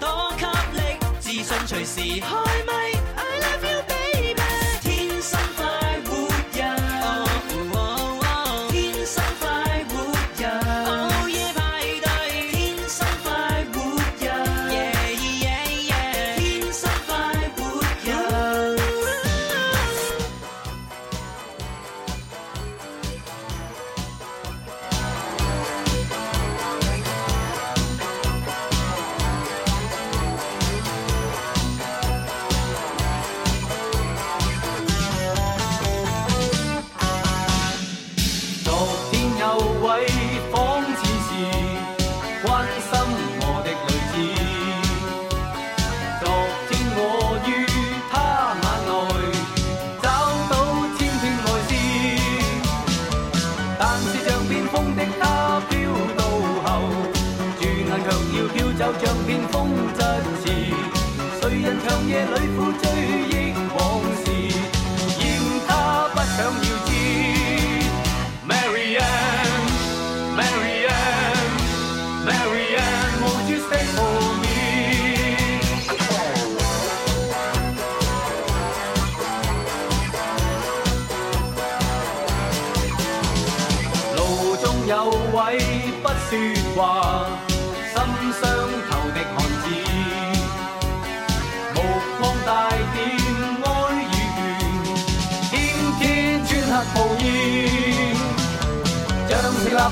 多給力，自信隨時開咪。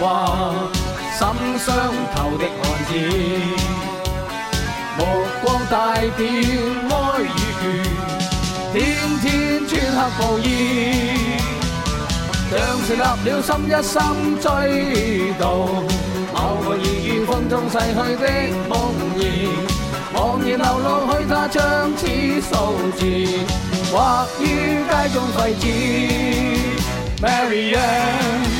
話心傷透的漢子，目光帶點哀與倦，天天穿黑布衣，像成立了心一心追悼某個已於風中逝去的夢兒，茫然流露去他將此數字，劃於街中廢紙。Mary Ann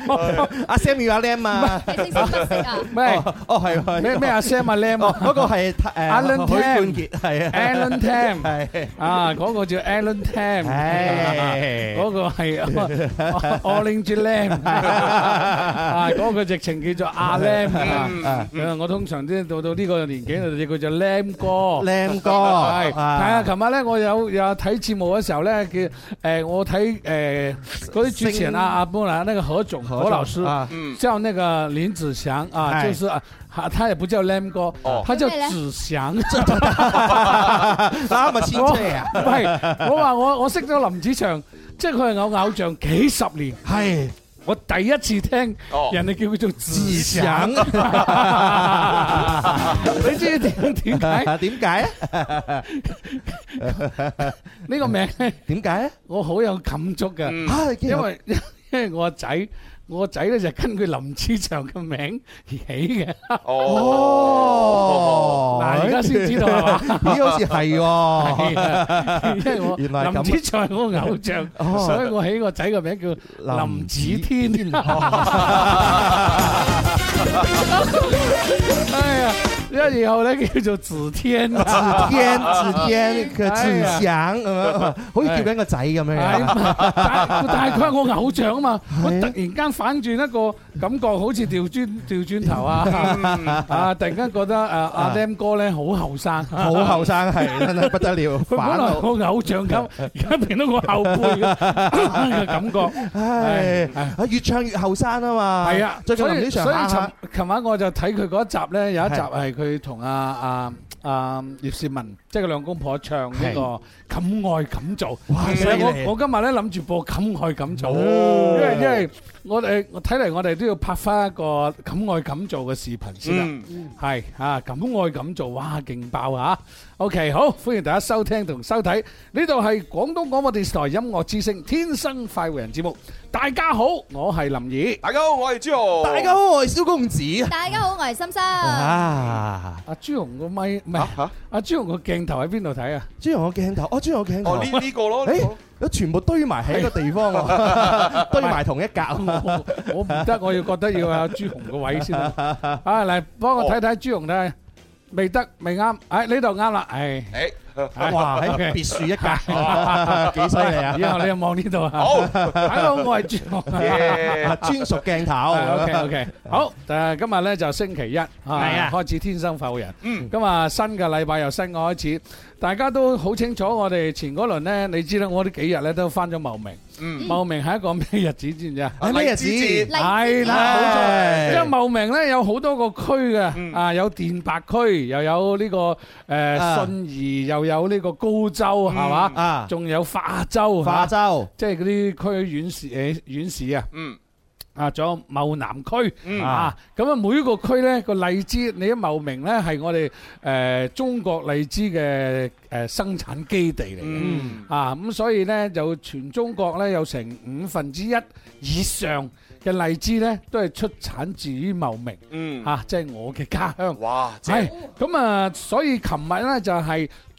阿 Sam 要阿 Lam 啊，咩？哦，係係咩咩？阿 Sam 阿 Lam，嗰個係誒 Alan Tam 冠傑係啊，Alan Tam 係啊，嗰個叫 Alan Tam，嗰個係 George Lam，嗰個直情叫做阿 Lam。誒，我通常都到到呢個年紀，就叫佢做 Lam 哥，Lam 哥係係啊。琴晚咧，我有有睇節目嘅時候咧，叫誒我睇誒嗰啲主持人阿阿波蘭，呢個何卓。我老師啊，叫那個林子祥啊，就是，他也不叫林哥，他叫子祥。啊，我？唔係，我話我我識咗林子祥，即係佢係我偶像幾十年，係我第一次聽人哋叫佢做子祥。你知點解啊？點解啊？呢個名點解啊？我好有感觸噶，因為因為我阿仔。我個仔咧就根據林子祥嘅名而起嘅。哦，嗱，而家先知道咦，好似係喎。 原來 因為我林子祥係我偶像， 哦、所以我起個仔個名叫林子天。 哎呀，你以後咧叫做子天、子天、子天，個子祥，好似叫緊個仔咁樣。但係佢係我偶像啊嘛，我突然間反轉一個感覺，好似調轉調轉頭啊！啊，突然間覺得阿阿 Lam 哥咧好後生，好後生，係真係不得了。可能我偶像咁，而家變到我後輩嘅感覺，唉，越唱越後生啊嘛。係啊，最近林子祥啊。琴晚我就睇佢嗰一集咧，有一集係佢同阿阿阿葉倩文。即係佢兩公婆唱呢個《敢愛敢做》，哇！我我今日咧諗住播《敢愛敢做》，因為因為我誒，我睇嚟我哋都要拍翻一個《敢愛敢做》嘅視頻先啦，係啊，《敢愛敢做》哇勁爆啊！OK，好，歡迎大家收聽同收睇，呢度係廣東廣播電視台音樂之聲《天生快活人》節目。大家好，我係林怡，大家好，我係朱紅，大家好，我係蕭公子，大家好，我係心心。啊！阿朱紅個咪唔係吓，阿朱紅個勁。鏡頭喺邊度睇啊？朱紅個鏡頭哦，朱紅個鏡頭哦，呢呢個咯，誒，都全部堆埋喺一個地方啊，堆埋同一格啊，我唔得，我要覺得要有朱紅個位先啊，啊，嚟，幫我睇睇朱紅咧，未得，未啱，喺呢度啱啦，誒。哇！喺別墅一界，幾犀利啊！以後你又望呢度啊！好，睇到我係專屬鏡頭，OK OK。好，誒今日咧就星期一啊，開始天生浮人。嗯，今日新嘅禮拜由新嘅開始，大家都好清楚。我哋前嗰輪咧，你知啦，我呢幾日咧都翻咗茂名。茂名係一個咩日子？知唔知啊？係咩日子？係啦，因為茂名咧有好多個區嘅，啊有電白區，又有呢個誒信義，又有。有呢個高州係嘛啊，仲、嗯、吧有化州，化州即係嗰啲區縣市縣市啊，嗯啊，仲有茂南區、嗯、啊，咁啊每一個區咧個荔枝，你茂名咧係我哋誒中國荔枝嘅誒生產基地嚟嘅、嗯、啊，咁所以咧就全中國咧有成五分之一以上嘅荔枝咧都係出產自於茂名，嗯吓、啊，即係我嘅家鄉。哇，係咁啊，所以琴日咧就係。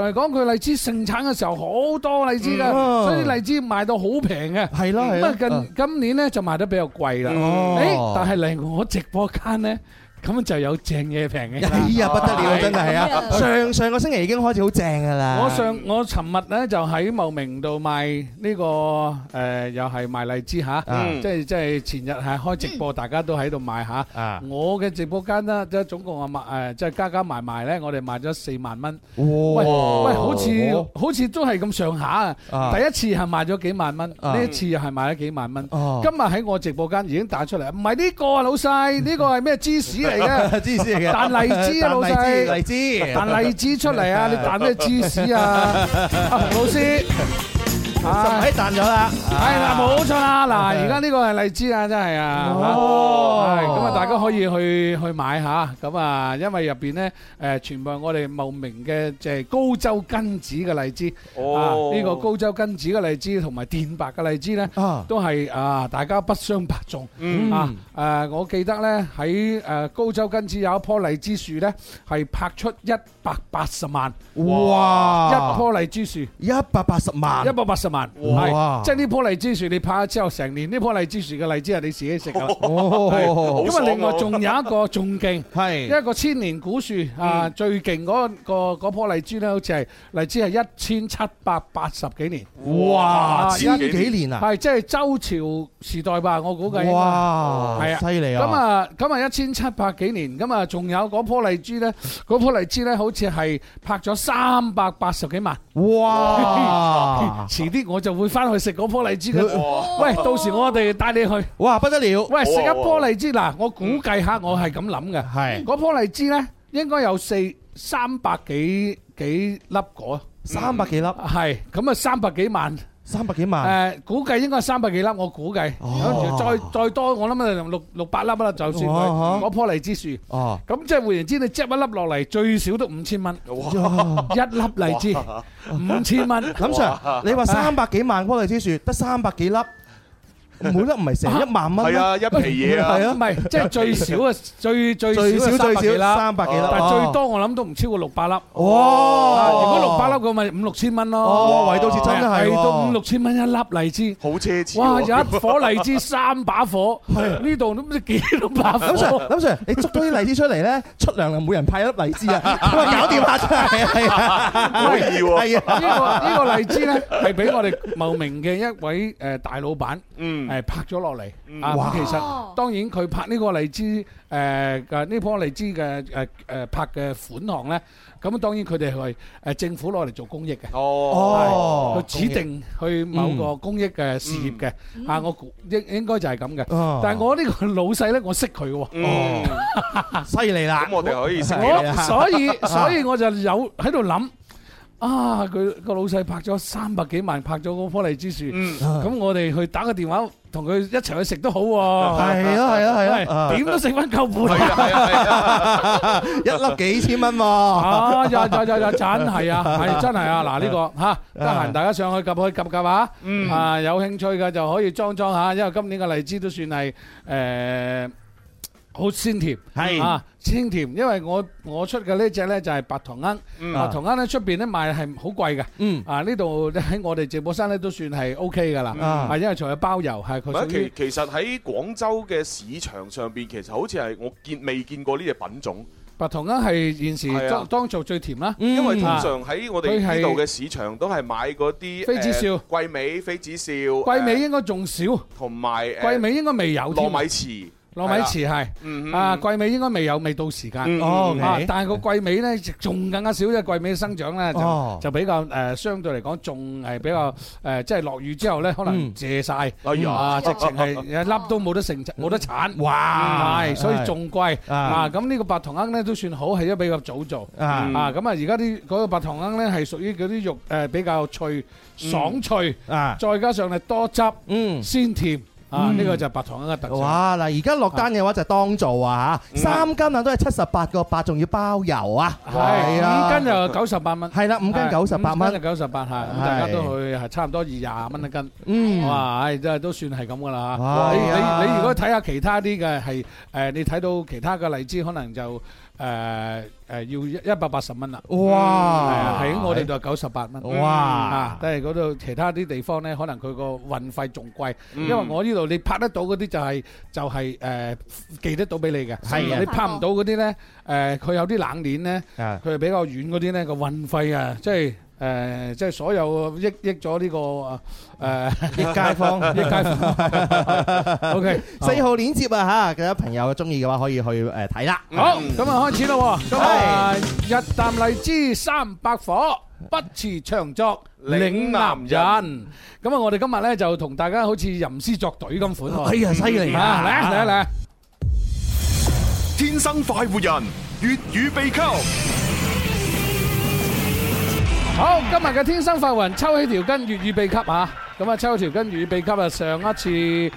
嚟講，佢荔枝盛產嘅時候好多荔枝㗎，嗯、所以荔枝賣到好平嘅。係咯的，咁近的今年咧就賣得比較貴啦。哦，誒但係嚟我直播間咧。咁啊，就有正嘢平嘅，哎呀不得了，真係啊！上上個星期已經開始好正噶啦。我上我尋日咧就喺茂名度賣呢個誒，又係賣荔枝吓，即係即係前日係開直播，大家都喺度賣吓。我嘅直播間咧，即係總共我賣誒，即係加加埋埋咧，我哋賣咗四萬蚊。喂喂，好似好似都係咁上下啊！第一次係賣咗幾萬蚊，呢一次又係賣咗幾萬蚊。今日喺我直播間已經打出嚟，唔係呢個啊，老細，呢個係咩芝士？嚟嘅芝士嚟嘅，彈荔枝啊，彈老細大，荔枝，彈荔枝出嚟啊！你彈咩芝士啊？ 啊？老師。哎彈咗啦！哎，冇錯啦！嗱，而家呢個係荔枝啊，真係啊！哦，咁啊，大家可以去去買吓，咁啊，因為入邊咧，誒，全部係我哋茂名嘅即係高州根子嘅荔枝，哦，呢個高州根子嘅荔枝同埋電白嘅荔枝咧，啊，都係啊，大家不相伯仲，嗯啊，誒，我記得咧，喺誒高州根子有一棵荔枝樹咧，係拍出一百八十萬，哇！一棵荔枝樹一百八十萬，一百八十萬。哇，即係呢棵荔枝樹你拍咗之後成年，呢棵荔枝樹嘅荔枝係你自己食㗎。咁啊，另外仲有一個仲勁，係一個千年古樹啊，最勁嗰個嗰棵荔枝咧，好似係荔枝係一千七百八十幾年。哇，千幾年啊？係即係周朝時代吧，我估計。哇，係啊，犀利啊！咁啊，咁啊，一千七百幾年，咁啊，仲有嗰棵荔枝咧，嗰棵荔枝咧，好似係拍咗三百八十幾萬。哇，遲啲。我就會翻去食嗰棵荔枝。哇喂，到時我哋帶你去。哇，不得了！喂，食一棵荔枝嗱，我估計下，我係咁諗嘅。係嗰是棵荔枝呢，應該有四三百幾幾粒果，嗯、三百幾粒。係咁啊，三百幾萬。三百幾萬，誒，估計應該係三百幾粒，我估計，再再多，我諗咪六六百粒啦，就算佢嗰棵荔枝樹，咁即係換言之，你摘一粒落嚟，最少都五千蚊，一粒荔枝五千蚊，林 Sir 你話三百幾萬棵荔枝樹得三百幾粒。每粒唔係成一萬蚊，係啊，一皮嘢啊，唔係即係最少啊，最最少最少最少啦，三百幾粒，但係最多我諗都唔超過六百粒。哇！如果六百粒咁咪五六千蚊咯，為到次真係，到五六千蚊一粒荔枝，好奢侈。哇！有一火荔枝三把火，係呢度都唔知幾多把火。林 Sir 林 Sir，你捉多啲荔枝出嚟咧，出糧就每人派一粒荔枝啊，搞掂下。係啊係啊，唔易喎。呢個呢個荔枝咧，係俾我哋茂名嘅一位誒大老闆。嗯，誒，拍咗落嚟啊！哇，其實、哦、當然佢拍呢個荔枝誒嘅呢樖荔枝嘅誒誒拍嘅款項咧，咁當然佢哋係誒政府攞嚟做公益嘅。哦，哦，佢指定去某個公益嘅事業嘅吓、嗯嗯啊，我估應應該就係咁嘅。哦、但係我呢個老細咧，我識佢嘅、哦。犀利啦！咁 我哋可以識啊我。 所以所以，所以我就有喺度諗。啊！佢個老細拍咗三百幾萬，拍咗嗰棵荔枝樹。咁我哋去打個電話，同佢一齊去食都好。係啊，係啊，係啊，點都食翻夠本。係啊，係啊，一粒幾千蚊喎。啊！啊，啊，啊，啊，真係啊，係真係啊。嗱，呢個吓得閒，大家上去 𥄫 去 𥄫𥄫 吓啊。嗯。啊，有興趣嘅就可以裝裝吓，因為今年嘅荔枝都算係誒。好鮮甜係啊！鮮甜，因為我我出嘅呢隻咧就係白糖罌啊，糖罌咧出邊咧賣係好貴嘅，啊呢度喺我哋直播室咧都算係 OK 嘅啦，啊，因為仲有包郵係。唔係其其實喺廣州嘅市場上邊，其實好似係我見未見過呢隻品種。白糖罌係現時當當做最甜啦，因為通常喺我哋呢度嘅市場都係買嗰啲妃子笑、桂味、妃子笑、桂味應該仲少，同埋桂味應該未有糯米餈。糯米糍係，啊桂味應該未有，未到時間。哦，但係個桂味咧，仲更加少，因為桂味嘅生長咧就就比較誒相對嚟講仲係比較誒，即係落雨之後咧可能謝晒。哎呀，直情係一粒都冇得成，冇得產。哇，係所以仲貴。啊，咁呢個白糖罌咧都算好，係都比較早做。啊，咁啊而家啲嗰個白糖罌咧係屬於嗰啲肉誒比較脆爽脆，再加上係多汁，嗯，鮮甜。啊！呢、嗯、個就白糖一個特色哇！嗱，而家落單嘅話就當做啊嚇，是三斤啊都係七十八個八，仲要包郵啊！係啊，五斤就九十八蚊。係啦，五斤九十八蚊就九十八嚇，咁大家都去係差唔多二廿蚊一斤。嗯，哇！唉、哎，真係都算係咁噶啦嚇。係啊，你你，你如果睇下其他啲嘅係誒，你睇到其他嘅荔枝可能就～誒誒、呃呃、要一百八十蚊啦，哇！喺、啊啊、我哋度九十八蚊，哇！嗯、但係嗰度其他啲地方咧，可能佢個運費仲貴，嗯、因為我呢度你拍得到嗰啲就係、是、就係誒寄得到俾你嘅，係啊！你拍唔到嗰啲咧，誒、呃、佢有啲冷鏈咧，佢係比較遠嗰啲咧個運費啊，即係。誒、呃，即係所有益益咗呢、這個誒、呃、益， 益街坊，益街坊 O K，四號鏈接啊吓，嘅 朋友中意嘅話可以去誒睇啦。嗯、好，咁啊開始咯。係，日啖荔枝三百顆，不辭長作嶺南 人。咁啊，我哋今日咧就同大家好似吟詩作對咁款。哎呀，犀利啊！嚟嚟嚟，天生快活人，粵語秘笈。好，今日嘅天生髮雲抽起條筋粵語秘笈啊！咁啊，抽起條筋粵語秘笈啊，上一次，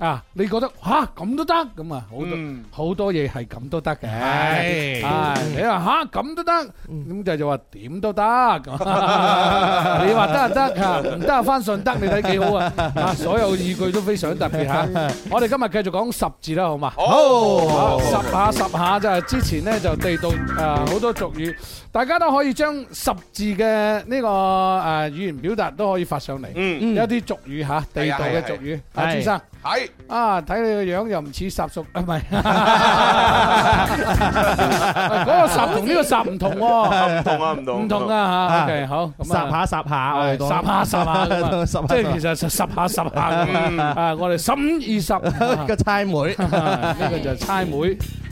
啊！你覺得吓咁都得咁啊？好、啊嗯、多好多嘢係咁都得嘅。係你話吓咁都得，咁就就話點都得。你話得啊得啊，唔得啊翻順德，你睇幾好啊？啊，所有語句都非常特別吓、啊。我哋今日繼續講十字啦，好嘛？好、oh, 啊，十下十下就係之前咧就地道誒，好、啊、多俗語。大家都可以將十字嘅呢、這個誒、呃、語言表達都可以發上嚟，有、嗯、一啲俗語吓、啊，地道嘅俗語。阿朱、哎、生係是啊，睇你個樣又唔似十俗，唔係嗰個十同呢個十唔同喎，唔同啊，唔同、啊同、啊、同，唔同、同啊吓。OK, 好，十下十下，十下十下，即係、嗯、其實十十下十下啊，我哋十五二十嘅猜枚，呢個就係猜枚。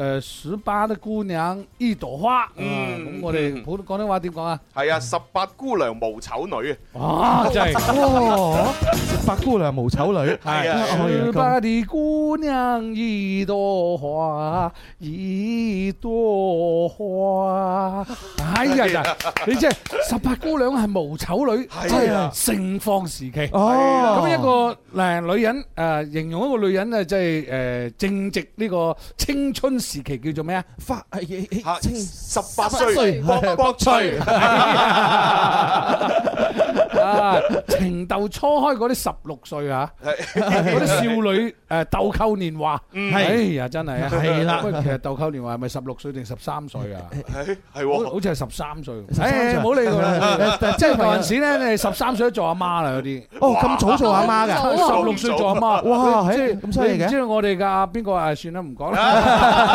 誒，十八的姑娘一朵花，嗯，咁我哋普通話點講啊？係啊、哦，十八姑娘無醜女啊！啊真係，十八姑娘無醜女，係啊。十八的姑娘一朵花，一朵花，哎呀呀、啊、你即係十八姑娘係無醜女，係啊，啊，盛放時期、啊、哦。咁一個靚、呃、女人誒、呃，形容一個女人啊即係誒正值呢個青春。時期叫做咩啊？花十八歲博博吹，情竇初開嗰啲十六歲啊，嗰啲少女誒，豆蔻年華，哎呀真係啊，係啦，其實豆蔻年華係咪十六歲定十三歲啊？係好似係十三歲，誒唔好理佢，即係嗰陣時咧，你十三歲都做阿媽啦，嗰啲哦咁早做阿媽噶，十六歲做阿媽，哇，即係咁犀利嘅，知道我哋噶，邊個啊？算啦，唔講啦。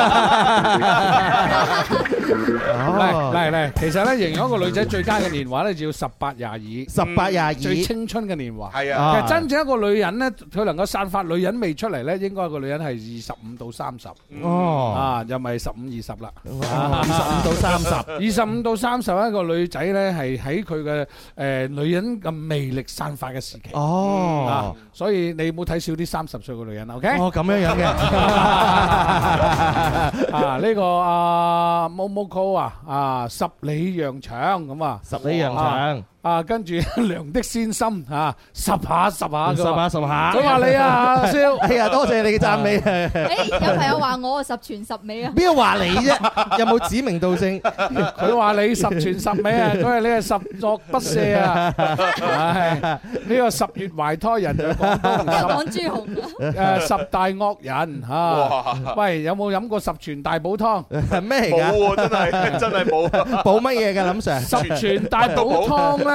嚟嚟嚟，其實咧形容一個女仔最佳嘅年華咧，就要十八廿二，十八廿二最青春嘅年華。係啊，其實真正一個女人咧，佢能夠散發女人味出嚟咧，應該個女人係二十五到三十。哦，啊，又咪十五二十啦，二十五到三十，二十五到三十一個女仔咧，係喺佢嘅誒女人嘅魅力散發嘅時期。哦，所以你唔好睇少啲三十歲嘅女人。OK，哦咁樣樣嘅。 啊！呢，這個啊，Momoko 啊，啊，十里洋場咁啊，十里洋場。啊啊啊，跟住梁的先心，啊，十下十下，十下十下。佢話你啊，阿蕭，哎呀，多謝你嘅讚美。誒，有朋友話我啊十全十美啊。邊個話你啫？有冇指名道姓？佢話你十全十美啊，佢話你係十作不赦啊。呢個十月懷胎人，講朱紅。誒，十大惡人吓。喂，有冇飲過十全大補湯？咩嚟噶？冇啊，真係真係冇。補乜嘢嘅，林 sir？十全大補湯啦。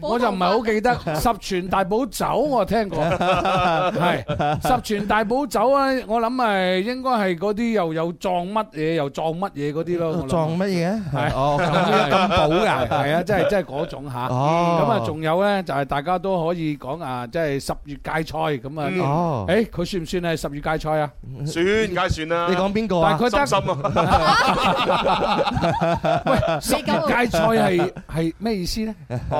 我就唔係好記得十全大補酒，我聽過，係十全大補酒啊！我諗係應該係嗰啲又有撞乜嘢，又撞乜嘢嗰啲咯。撞乜嘢？係哦，咁補㗎，係啊，即係即係嗰種吓。哦，咁啊，仲有咧，就係大家都可以講啊，即係十月芥菜咁啊。哦，誒，佢算唔算係十月芥菜啊？算梗係算啦。你講邊個啊？但係佢得心啊。喂，十月芥菜係係咩意思咧？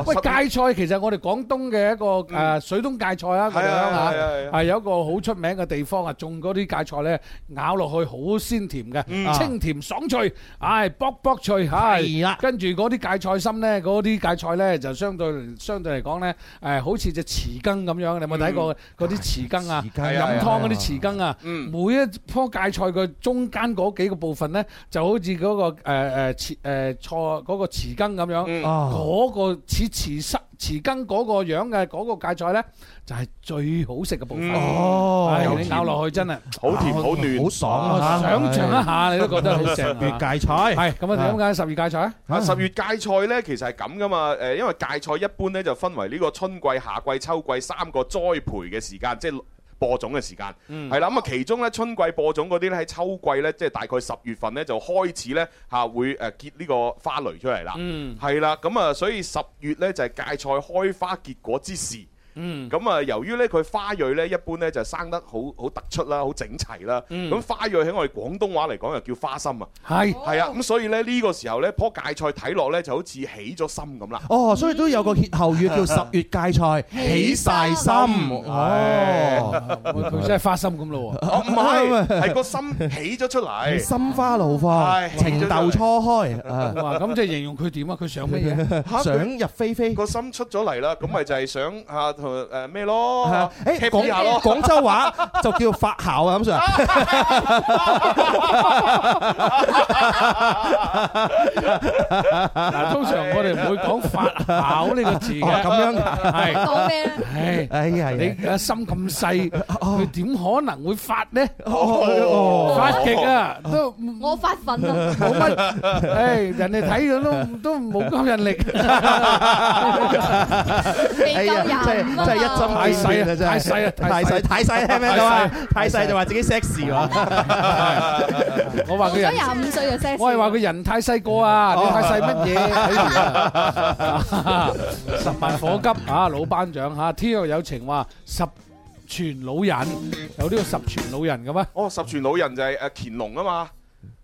喂，芥菜其實我哋廣東嘅一個誒水東芥菜啊，咁樣啊，係有一個好出名嘅地方啊，種啲芥菜咧，咬落去好鮮甜嘅，清甜爽脆，唉卜卜脆，係、哎哎啊、跟住啲芥菜心咧，啲芥菜咧就相對相對嚟講咧，誒好似隻匙羹咁樣，你有冇睇過啲匙羹啊？飲湯嗰啲匙羹啊，每一樖芥菜嘅中間幾個部分咧，就好似、嗰個誒誒誒瓷誒菜嗰個匙羹咁樣，嗰、嗯、個似匙羹。匙羹嗰個樣嘅嗰個芥菜呢，就係、是、最好食嘅部分。哦，哎、甜你咬落去真係好甜、啊、好嫩好，好爽啊！啊想象一下，你都覺得好食。十月芥菜，係咁啊？點解十月芥菜啊？十月芥菜咧，其實係咁噶嘛。誒，因為芥菜一般呢，就分為呢個春季、夏季、秋季三個栽培嘅時間，即係。播種嘅時間，係啦、嗯，咁啊，其中咧春季播種嗰啲咧喺秋季咧，即、就、係、是、大概十月份咧就開始咧嚇、啊、會誒結呢個花蕾出嚟啦，係啦、嗯，咁啊、嗯，所以十月咧就係、是、芥菜開花結果之時。嗯，咁啊，由於咧佢花蕊咧一般咧就生得好好突出啦，好整齊啦。咁花蕊喺我哋廣東話嚟講又叫花心啊。係，係啊。咁所以咧呢個時候咧棵芥菜睇落咧就好似起咗心咁啦。哦，所以都有個歇後語叫十月芥菜起晒心。哦，佢真係花心咁咯喎。哦，唔係，係個心起咗出嚟。心花怒放，情竇初開。咁即係形容佢點啊？佢想乜嘢？想入非非，個心出咗嚟啦，咁咪就係想啊～誒咩咯？誒廣廣州話就叫發姣啊！咁上，嗱，通常我哋唔會講發姣呢個字嘅。咁樣係講咩咧？係，哎呀，你個心咁細，佢點可能會發呢？發極啊！都我發奮啊！冇乜，誒，人哋睇咗都都冇吸引力。真係一針太細啦，真係太細啦，太細太細聽唔聽到啊，太細就話自己 sexy 我話佢廿五歲就 sexy。我係話佢人太細個啊，你太細乜嘢？十萬火急啊，老班長嚇！天若有情話十全老人有呢個十全老人嘅咩？哦，十全老人就係誒乾隆啊嘛。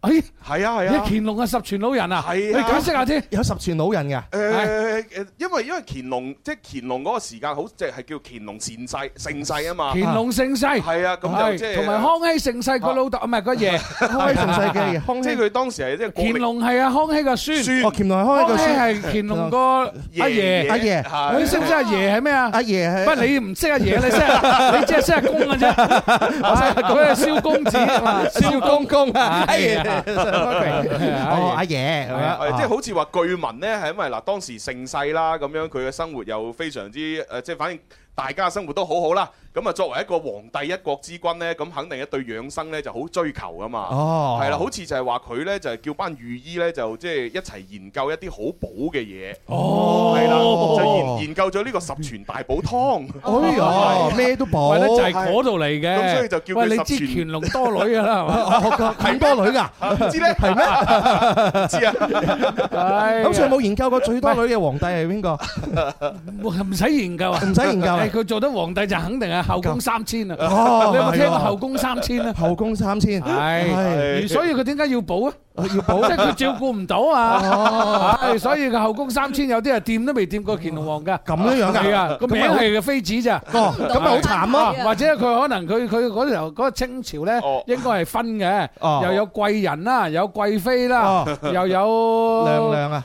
哎，係啊係啊，乾隆啊十全老人啊，你解釋下先，有十全老人嘅。誒因為因為乾隆即係乾隆嗰個時間，好即係叫乾隆盛世盛世啊嘛。乾隆盛世，係啊咁同埋康熙盛世，個老豆唔係個爺，康熙盛世嘅。即係佢當時係即係乾隆係啊，康熙嘅孫。乾隆康熙嘅孫。係乾隆個阿爺阿爺，你識唔識阿爺係咩啊？阿爺係，不過你唔識阿爺，你識啊？你只係識阿公嘅啫，嗰個蕭公子啊嘛，蕭公公啊。阿、 哦啊、爺係樣、啊、即係好似話據聞咧，係因為嗱當時盛世啦，咁樣佢嘅生活又非常之誒、呃，即係反正。大家生活都好好啦，咁啊作為一個皇帝一國之君咧，咁肯定一對養生咧就好追求噶嘛。哦，係啦，好似就係話佢咧就叫班御醫咧就即係一齊研究一啲好補嘅嘢。哦，係啦，就研研究咗呢個十全大補湯。哎呀，咩都補。就係嗰度嚟嘅。咁所以就叫佢十全。喂，你知乾隆多女噶啦？咁多女噶？唔知咧，係咩？知啊。咁上冇研究過最多女嘅皇帝係邊個？唔使研究啊！唔使研究。佢做得皇帝就肯定係後宮三千啊！你有冇聽過後宮三千啦？後宮三千係，所以佢點解要補啊？要補即係佢照顧唔到啊！所以個後宮三千有啲係掂都未掂過乾隆皇噶，咁樣樣噶個名係個妃子咋？咁咪好慘咯！或者佢可能佢佢嗰時候嗰個清朝咧，應該係分嘅，又有貴人啦，有貴妃啦，又有娘娘啊。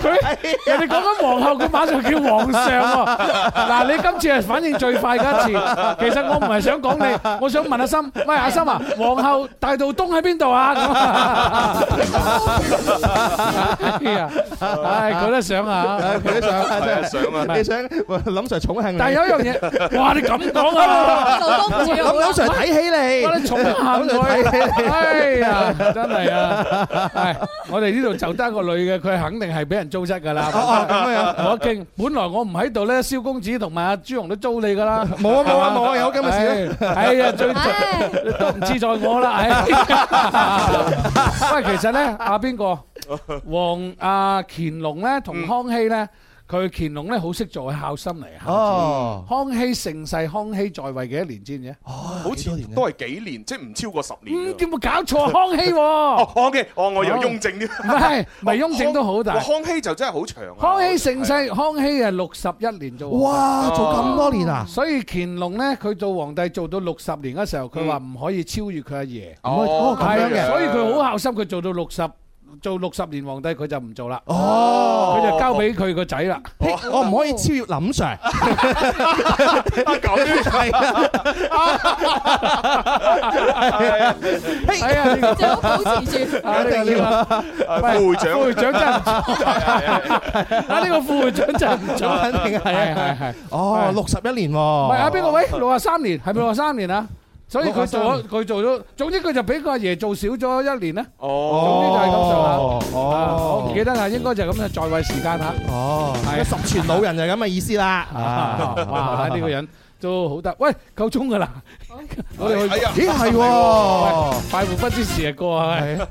佢人哋講緊皇后，佢馬上叫皇上喎。嗱，你今次係反應最快嘅一次。其實我唔係想講你，我想問阿心，喂阿心啊，皇后大道東喺邊度啊？哎，佢都想啊，佢都想，真係想啊。你想諗 Sir 寵幸，但係有一樣嘢，哇！你咁講啊，諗 Sir 睇起你，諗 Sir 寵幸佢，哎呀，真係啊。係，我哋呢度就得個女嘅，佢肯定係俾人租出噶啦。咁啊樣，我驚本來我唔喺度咧，蕭公子同埋阿朱紅都租你噶啦。冇啊冇啊冇啊，有咁嘅事。哎呀，最唔自在我啦。哎，不過其實咧，阿邊個，黃阿乾隆咧，同康熙咧。佢乾隆咧好識做孝心嚟，康熙盛世，康熙在位幾多年先嘅？好似都係幾年，即係唔超過十年。嗯，點會搞錯，康熙。哦，康我我有雍正啲。唔係，咪雍正都好大。康熙就真係好長。康熙盛世，康熙係六十一年做。哇，做咁多年啊！所以乾隆咧，佢做皇帝做到六十年嘅時候，佢話唔可以超越佢阿爺。哦，係。所以佢好孝心，佢做到六十。做六十年皇帝佢就唔做啦，佢就交俾佢個仔啦。我唔可以超越林 Sir，咁樣係啊，係啊，你就好保持住，一定要啊，副會長，副會長真，啊呢個副會長真唔錯，肯定係啊，係係，哦，六十一年，唔係啊，邊個喂，六十三年，係咪六十三年啊？所以佢做咗，佢做咗，總之佢就比個阿爺做少咗一年啦。哦，總之就係咁上下，哦、啊，我唔記得啦，應該就係咁啦，在位時間吓。哦，係是十全老人就係咁嘅意思啦、啊。啊，睇、啊、呢、啊、 個人都好得。喂，夠鐘噶啦！我哋去睇，咦，係？快活不知時日過，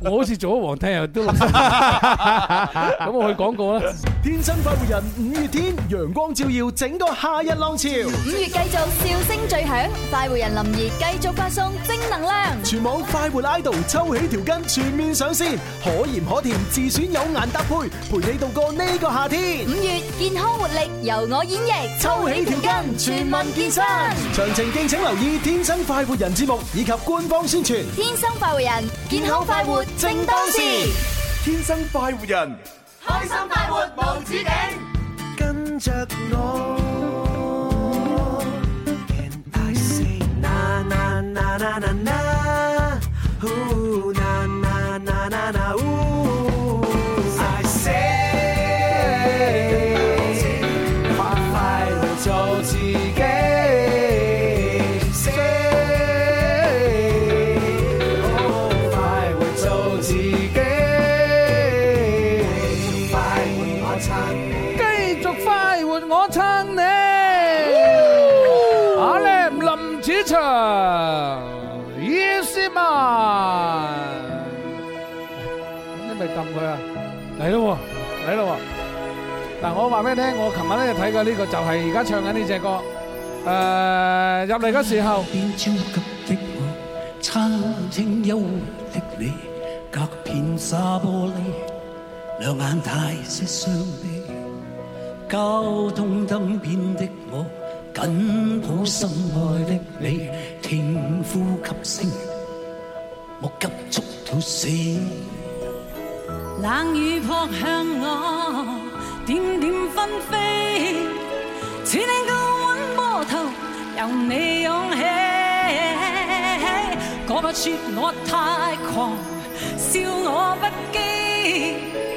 我好似做咗皇聽日都落身，咁我去講過啦。天生快活人，五月天陽光照耀整個夏日浪潮，五月繼續笑聲最響，快活人林怡繼續發送正能量，全網快活 idol 抽起條筋全面上線，可鹽可甜自選有顏搭配，陪你度過呢個夏天。五月健康活力由我演繹，抽起條筋全民健身，詳情敬請留意天。天生快活人節目以及官方宣傳，天生快活人，健康快活正當時，天生快活人，開心快活無止境，跟住我。 繼續快活我、啊，我撐你。阿 l 林子祥，Yesman，你咪撳佢啊！嚟咯，嚟咯！但我話俾你聽。我琴晚咧睇過呢個就係而家唱緊呢隻歌。誒、呃，入嚟嘅時候，變焦急的我，親輕柔的你，隔片沙玻璃。兩眼帶些傷悲，交通燈邊的我緊抱心愛的你，聽呼吸聲，我急促到死。冷雨撲向我，點點紛飛，似你高温波濤由你湧起，個個説我太狂，笑我不羈。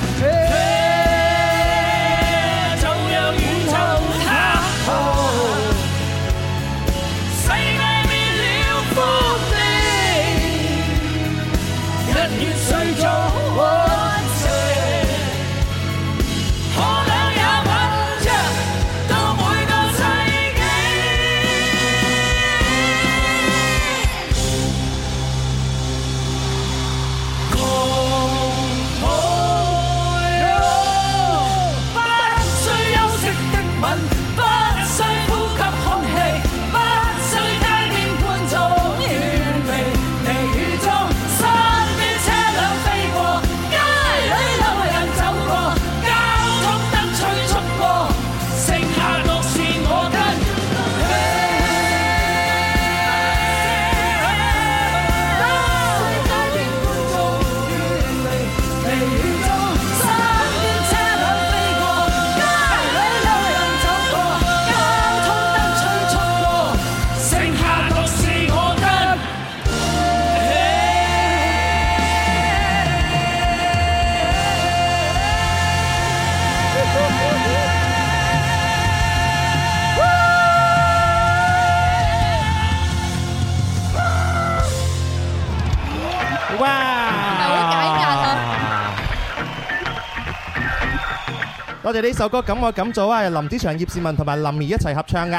我哋呢首歌敢愛敢做啊，係林子祥、葉倩文同埋林怡一齊合唱噶。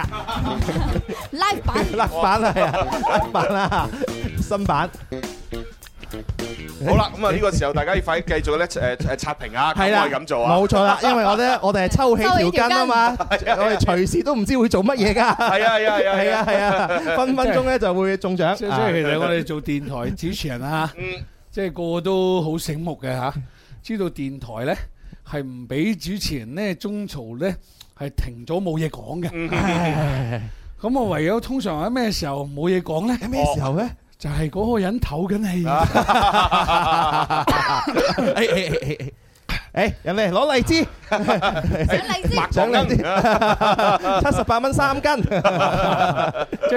拉板，拉板係啊，拉板啊，新版。好啦，咁啊呢個時候，大家要快啲繼續咧，誒誒，刷屏啊，咁係咁做啊。冇錯啦，因為我哋，我哋係抽起條筋啊嘛，我哋隨時都唔知會做乜嘢噶。係啊係啊係啊係啊，分分鐘咧就會中獎。所以嚟我哋做電台主持人啊，即係個個都好醒目嘅吓，知道電台咧。係唔俾主持人咧，中嘈咧，係停咗冇嘢講嘅。咁我唯有通常喺咩時候冇嘢講咧？喺咩時候咧？就係嗰個人唞緊氣。誒誒誒人哋攞荔枝， 荔枝，白糖荔枝，你 七十八蚊三斤。即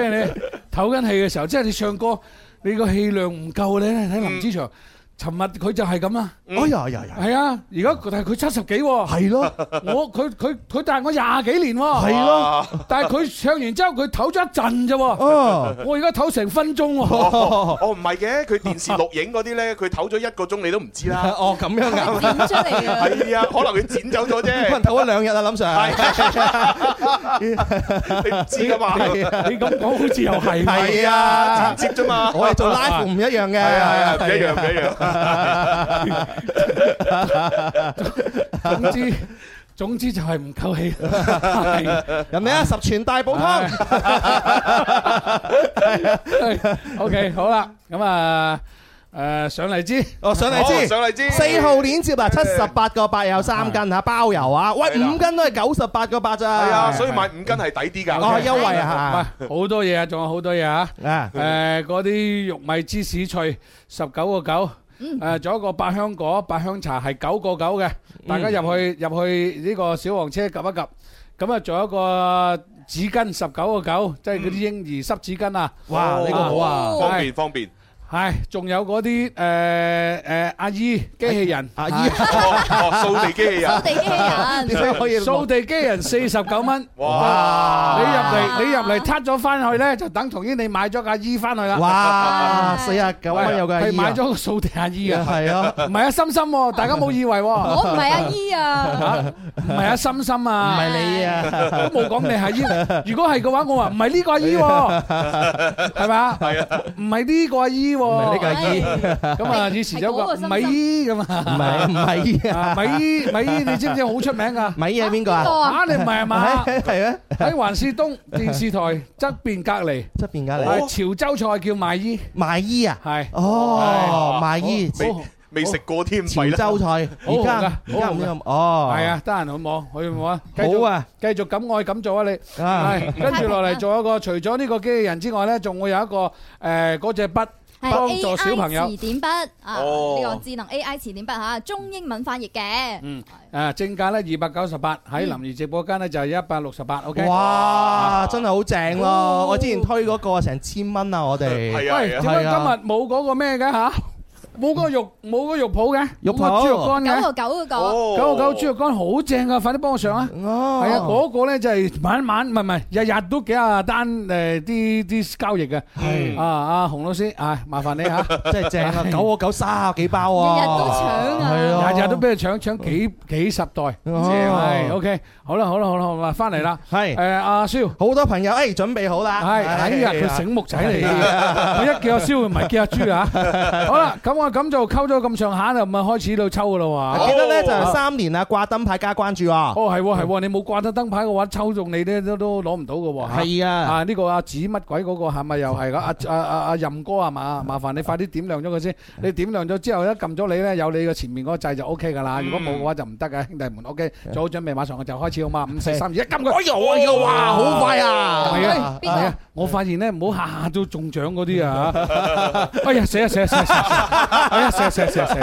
係 你唞緊氣嘅時候，即、就、係、是、你唱歌，你個氣量唔夠咧。睇林子祥。嗯。尋日佢就係咁啊，哎呀呀係啊！而家但係佢七十幾喎，係咯，我佢佢佢大我廿幾年喎，係咯，但係佢唱完之後佢唞咗一陣啫喎，我而家唞成分鐘喎，哦唔係嘅，佢電視錄影嗰啲咧，佢唞咗一個鐘你都唔知啦，哦咁樣嘅，剪出嚟嘅，係啊，可能佢剪走咗啫，可能唞咗兩日啊，林 sir，係，你唔知㗎嘛，你咁講好似又係，係啊，剪接啫嘛，我係做 live 唔一樣嘅，係啊，唔一樣唔一樣。總之總之就係唔夠氣，人哋啊十全大補湯？OK 好啦，咁啊誒上荔枝，哦上荔枝，上荔枝，四號鏈接啊，七十八個八有三斤吓，包郵啊！喂，五斤都係九十八個八咋，係啊，所以買五斤係抵啲噶，哦優惠啊，喂，好多嘢啊，仲有好多嘢啊，誒嗰啲玉米芝士脆十九個九。誒，仲有一個百香果，百香茶係九個九嘅，大家入去入去呢個小黃車 𥄫 一 𥄫，咁啊仲有一個紙巾十九個九，即係嗰啲嬰兒濕紙巾啊，哇，哦，呢個好啊，方便方便。是。方便係，仲有嗰啲誒誒阿姨機器人，阿姨哦，掃地機器人，掃地機器人，掃地機器人四十九蚊，哇！你入嚟，你入嚟，撻咗翻去咧，就等同於你買咗阿姨翻去啦，哇！四十九蚊有阿姨，買咗個掃地阿姨啊，係啊，唔係阿心心，大家冇以為，我唔係阿姨啊，唔係阿心心啊，唔係你啊，我都冇講你係阿姨，如果係嘅話，我話唔係呢個阿姨，係咪？係啊，唔係呢個阿姨。呢個係依咁啊，以前有個米姨咁啊，唔係啊，米姨啊，米姨米姨，你知唔知好出名噶？米姨係邊個啊？阿你唔係阿嘛係咩？喺環市東電視台側邊隔籬，側邊隔籬，潮州菜叫米姨。米姨啊，係哦，米姨，未未食過添，潮州菜，好噶，好噶，哦，係啊，得閒去網去網啊，好啊，繼續咁愛咁做啊，你係，跟住落嚟做一個，除咗呢個機器人之外咧，仲會有一個誒，嗰隻筆。幫助小朋友，詞典筆啊，呢、這個智能 A I 詞典筆吓，中英文翻譯嘅。嗯，啊正價咧二百九十八，喺林怡直播間咧就係一百六十八。O K，哇，啊、真係好正咯！哦、我之前推嗰個成千蚊啊，我哋。喂，點解今日冇嗰個咩嘅吓？啊冇個肉冇個肉脯嘅肉脯，豬肉乾啊！九個九個九，九個九豬肉乾好正啊，快啲幫我上啊！哦，係啊，嗰個咧就係晚晚唔係唔係日日都幾啊單誒啲啲交易嘅。係啊啊，阿洪老師啊，麻煩你吓，真係正啊！九個九卅幾包啊，日日都搶啊，日日都俾佢搶搶幾幾十袋。係 OK，好啦好啦好啦，好啦，翻嚟啦。係誒，阿蕭好多朋友，哎，準備好啦。係睇下，佢醒目仔嚟嘅，我一叫阿蕭唔係叫阿豬啊。好啦，咁我。咁就溝咗咁上下啦，咪開始到抽噶啦？記得咧就係三年啊，掛燈牌加關注啊！哦，係係，你冇掛咗燈牌嘅話，抽中你咧都都攞唔到噶。係啊！啊呢個阿紫乜鬼嗰個係咪又係噶？阿阿阿阿任哥係嘛？麻煩你快啲點亮咗佢先。你點亮咗之後一撳咗你咧，有你嘅前面嗰個掣就 OK 噶啦。如果冇嘅話就唔得噶，兄弟們，OK，做好準備，馬上我就開始好嘛？五四三二一，撳佢！哎呀哎呀，哇，好快啊！係啊係啊，我發現咧唔好下下都中獎嗰啲啊！哎呀，死啊死啊死！哎呀，錫錫錫錫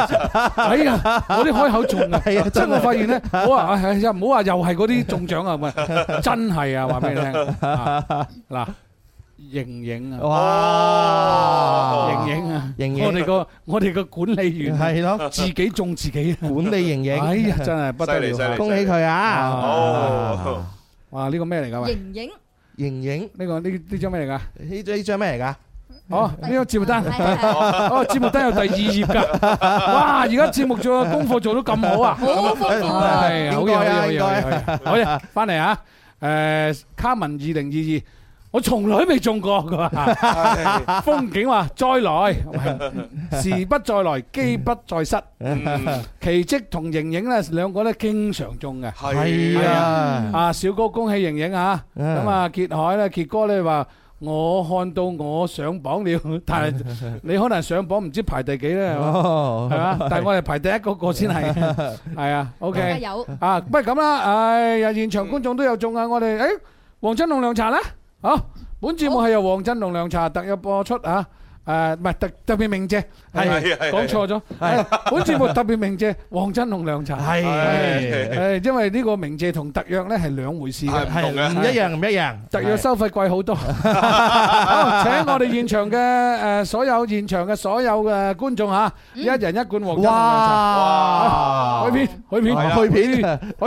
錫！哎呀，我啲開口仲啊！真係我發現咧，我話哎呀，唔好話又係嗰啲中獎啊！唔係，真係啊！話俾你聽，嗱，盈盈啊，哇，盈盈啊，盈盈，我哋個我哋個管理員係咯，自己中自己，管理盈盈，哎呀，真係不得了，恭喜佢啊！哦，哇，呢個咩嚟噶？盈盈，盈盈，呢個呢呢張咩嚟噶？呢張呢張咩嚟噶？哦，呢個節目單，哦，節目單有第二頁噶，哇！而家節目做功課做到咁好啊，好嘢，好嘢，好嘢，翻嚟啊！誒，卡文二零二二，我從來都未中過噶，風景話再來，時不再來，機不再失，奇蹟同盈盈咧兩個咧經常中嘅，係啊，啊小哥恭喜盈盈啊，咁啊杰海咧杰哥咧話。我看到我上榜了，但係你可能上榜唔知排第幾咧，係嘛？但係我係排第一,一個個先係，係 啊，OK，有啊，不如係咁啦，哎呀，現場觀眾都有中啊，我哋，誒、哎，黃振龍涼茶啦，好，本節目係由黃振龍涼茶特約播出好啊，誒，唔係特特別鳴謝。係，講錯咗。係本節目特別鳴謝黃振龍涼茶。係，係，係。誒，因為呢個鳴謝同特約咧係兩回事嘅，唔一樣，唔一樣。特約收費貴好多。好，請我哋現場嘅誒，所有現場嘅所有誒觀眾吓，一人一罐黃振龍涼茶。哇！去片，去片，去片，去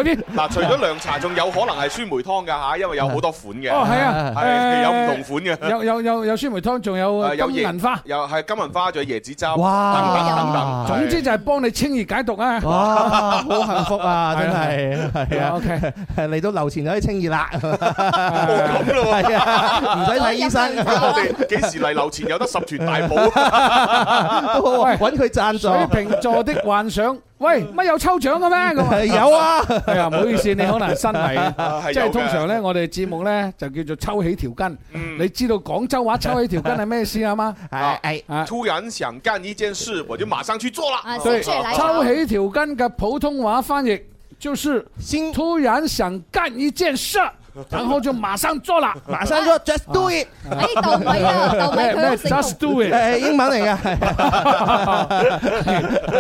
片。嗱，除咗涼茶，仲有可能係酸梅湯嘅吓，因為有好多款嘅。哦，係啊，係有唔同款嘅。有有有有酸梅湯，仲有有金銀花，又係金銀花，仲有椰子汁。哇！等等等等，總之就係幫你清熱解毒啊！哇，好幸福啊，真係係啊！ok，嚟到樓前就可以清熱啦，冇咁啦，唔使睇醫生。我哋幾時嚟樓前有得十全大補？都好，搵佢贊助！水瓶座的幻想。喂，乜有抽獎嘅咩？我話 有啊， 哎呀，唔好意思，你可能新嚟，即係 通常咧，我哋節目咧就叫做抽起條筋。 你知道廣州話抽起條筋係咩意思啊？嘛，係係。突然想幹一件事，我就馬上去做了。 對， 抽起條筋嘅普通話翻譯就是突然想幹一件事。然後就馬上做啦，馬上做，just do it。哎，逗咪啊，逗咪佢，just do it，係英文嚟噶。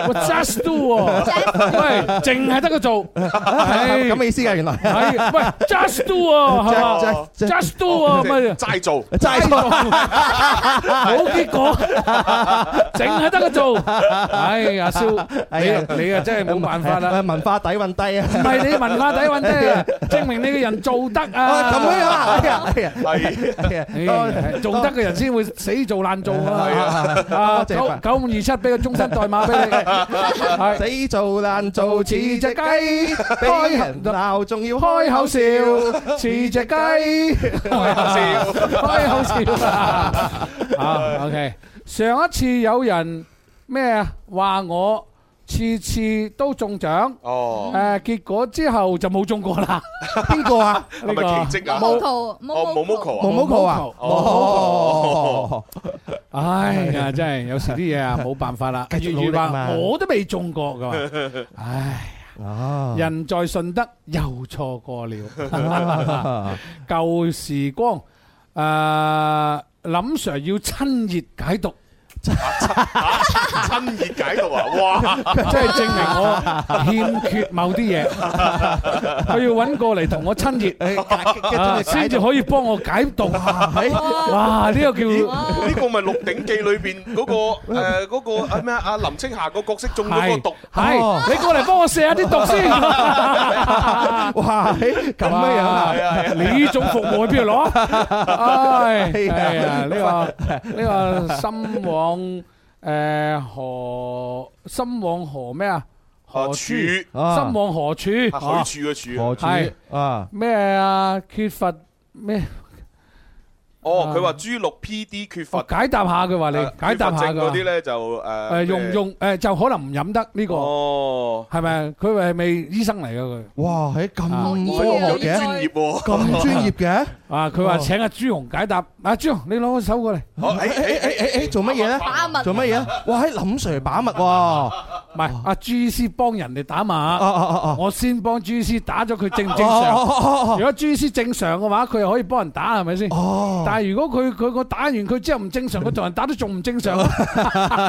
我 just do，喂，淨係得個做，咁嘅意思噶，原來係。喂，just do，just do，唔係齋做，齋做，冇結果，淨係得個做。哎呀，少，你你啊真係冇辦法啦，文化底蘊低啊。唔係你文化底蘊低啊，證明你個人做得。啊咁樣啊，係啊，係啊，係啊，做得嘅人先會死做爛做啊，係啊，多謝。九五二七俾個終身代碼俾你，係死做爛做似隻雞，俾人鬧仲要開口笑，似隻雞，開口笑，開口笑啊。啊，OK。上一次有人咩啊？話我。次次都中獎，誒，結果之後就冇中過啦。邊個啊？係咪奇蹟啊？Moco，哦，Moco 啊，Moco 啊，哦，唉啊，真係有時啲嘢啊，冇辦法啦。繼續努力嘛，我都未中過噶。唉，啊，人在順德又錯過了舊時光。誒，林 Sir 要親熱解讀。親熱解毒啊！哇，即係證明我欠缺某啲嘢，佢要揾過嚟同我親熱，先至可以幫我解毒啊！哇，呢個叫，呢個咪《鹿鼎記》裏邊嗰個誒，嗰個阿咩阿林青霞個角色中咗個毒，係，你過嚟幫我射下啲毒先！哇，咁樣係啊？你呢種服務去邊度攞唉，哎呀，你話你話心往。誒何心往何？咩啊？何處，心往、啊、何處柱，許處嘅處，係啊咩啊缺乏咩？啊、哦，佢話 G 六 PD 缺乏，解答下佢話你，解答下嗰啲咧就誒誒、啊、用用誒就可能唔飲得呢、這個，係咪、哦？佢話係咪醫生嚟嘅佢？哇，誒咁科學嘅，咁專、啊、業嘅、啊。 啊！佢話請阿朱紅解答。阿朱紅，你攞個手過嚟。誒誒誒誒誒，做乜嘢咧？把脈。做乜嘢咧？哇！林 Sir 把脈喎。唔係，阿朱 Sir 幫人哋打嘛。哦哦哦哦。我先幫朱 Sir 打咗佢，正唔正常？如果朱 Sir 正常嘅話，佢又可以幫人打，係咪先？哦。但係如果佢佢個打完佢之後唔正常，佢同人打都仲唔正常。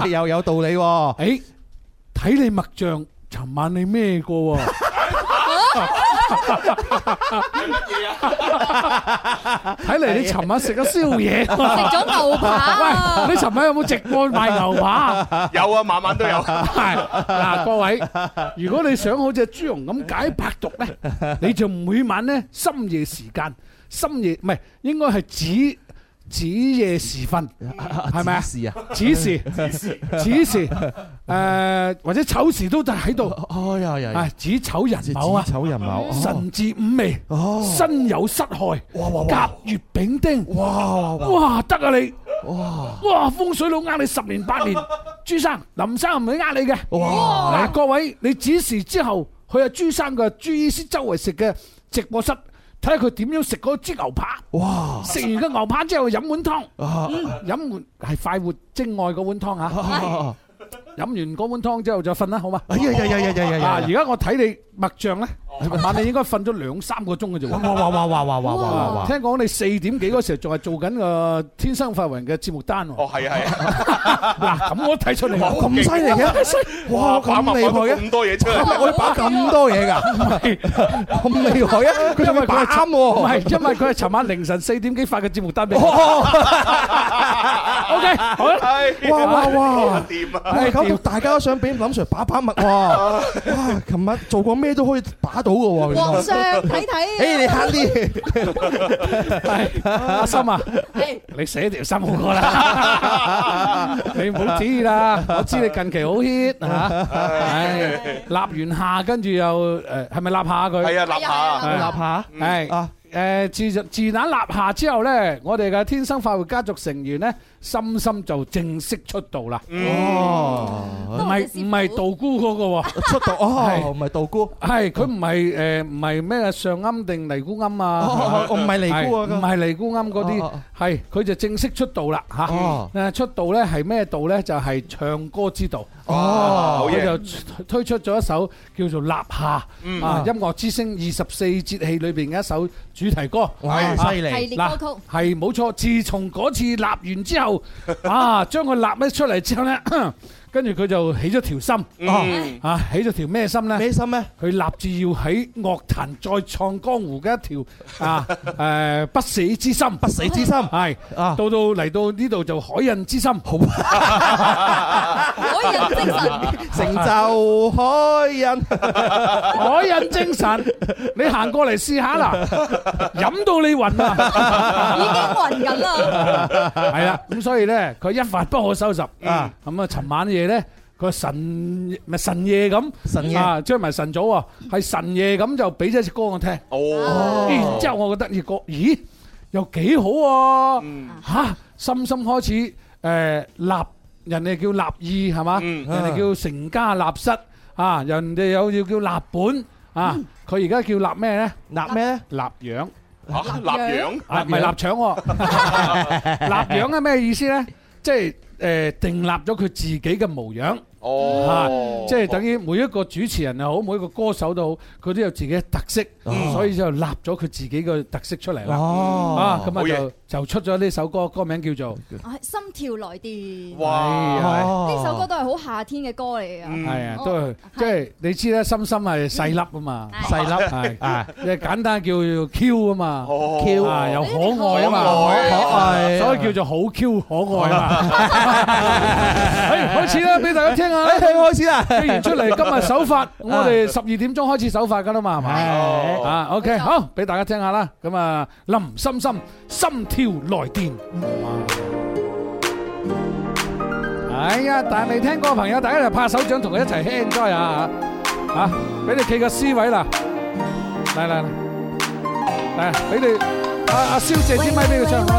又有道理喎。誒，睇你脈象，尋晚你咩過？睇嚟 你尋晚食咗宵夜，食咗牛扒啊，喂。你尋晚有冇直播賣牛扒？有啊，晚晚都有。係嗱，各位，如果你想好似朱蓉咁解百毒咧，你就每晚咧深夜時間，深夜唔係，應該係指。子夜時分，係咪啊？係啊，子時，子時，子、 呃、或者丑時都就喺度。哎呀呀，係子丑寅卯啊！人啊哦、神智五味，身有失害，甲乙丙丁。哇哇得啊你！哇哇！風水佬呃你十年八年，朱 生、林生唔會呃你嘅。嗱，各位，你子時之後去阿、啊、朱生嘅朱醫師周圍食嘅直播室。睇下佢點樣食嗰支牛扒，哇！食完個牛扒之後飲碗湯，嗯啊啊、飲碗係快活蒸愛嗰碗湯嚇。飲完嗰碗湯之後就瞓啦，好嘛？哎呀呀呀呀呀呀！而家我睇你脈象咧，晚你應該瞓咗兩三個鐘嘅啫喎。哇哇哇哇哇哇哇哇！聽講你四點幾嗰時候仲係做緊個天生發人嘅節目單喎。哦係啊係啊。嗱咁我睇出嚟，哇咁犀利嘅，哇咁厲害嘅，咁多嘢出嚟，我要擺咁多嘢噶，咁厲害啊？佢仲係冇，唔係，因為佢係尋晚凌晨四點幾發嘅節目單畀你。O K，好啦，哇哇哇，掂啊！大家都想俾林 Sir 把把脈喎，哇！琴日做過咩都可以把到嘅喎。皇上睇睇，哎，你慳啲，阿心啊，啊、你寫條心好過啦，你唔好指意啦，我知你近期好 h i t 嚇、啊，哎， 立完下跟住又誒，係咪立下佢？係啊，啊、立下，立一下，係誒，自自打立下之後咧，我哋嘅天生發福家族成員咧。深深就正式出道啦！哦，唔係唔係道姑嗰個出道哦，唔係道姑，係佢唔係誒唔係咩上庵定尼姑庵啊？唔係尼姑啊，唔係尼姑庵嗰啲，係佢就正式出道啦吓！誒，出道咧係咩道咧？就係唱歌之道哦！佢就推出咗一首叫做《立夏》啊，音樂之聲二十四節氣裏邊嘅一首主題歌，係犀利系列歌曲，係冇錯。自從嗰次立完之後。啊！將佢立咗出嚟之後咧。跟住佢就起咗條心，啊，起咗條咩心咧？咩心咧？佢立志要喺樂壇再創江湖嘅一條啊，誒，不死之心，不死之心，係啊，到到嚟到呢度就海印之心，好，海印精神，成就海印，海印精神，你行過嚟試下啦，飲到你暈啊，已經暈緊啦，係啦，咁所以咧，佢一發不可收拾啊，咁啊，尋晚咧。嘢咧，佢係晨咪晨夜咁，啊，將埋晨早啊，係晨夜咁就俾咗隻歌我聽，哦，然之後我覺得咦，咦，又幾好，嗯，吓，深深開始，誒，立，人哋叫立意係嘛，人哋叫成家立室，啊，人哋有要叫立本，啊，佢而家叫立咩咧？立咩？立樣，啊，立樣，唔係臘腸，立樣係咩意思咧？即係。誒、呃，定立咗佢自己嘅模樣。哦，吓，即係等於每一個主持人又好，每一個歌手都好，佢都有自己嘅特色，所以就立咗佢自己嘅特色出嚟啦。哦，啊，咁啊就就出咗呢首歌，歌名叫做《心跳來電》。哇，呢首歌都係好夏天嘅歌嚟嘅。係啊，都係即係你知啦，心心係細粒啊嘛，細粒係啊，即係簡單叫 Q 啊嘛，Q 啊又可愛啊嘛，可愛，所以叫做好 Q 可愛啊。哎，開始啦，俾大家聽。你開始啦，既然出嚟今日首發，我哋十二點鐘開始首發噶啦嘛，係嘛？啊，OK，好，俾大家聽下啦。咁啊，林深深心跳來電。哎呀，但係未聽過嘅朋友，大家就拍手掌同佢一齊 enjoy 下吓吓，俾你企個 C 位啦。嚟嚟嚟，俾你阿阿蕭借支咪俾佢先啦。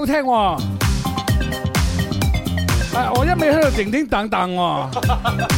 好聽喎，哎，我一味喺度停停等等喎。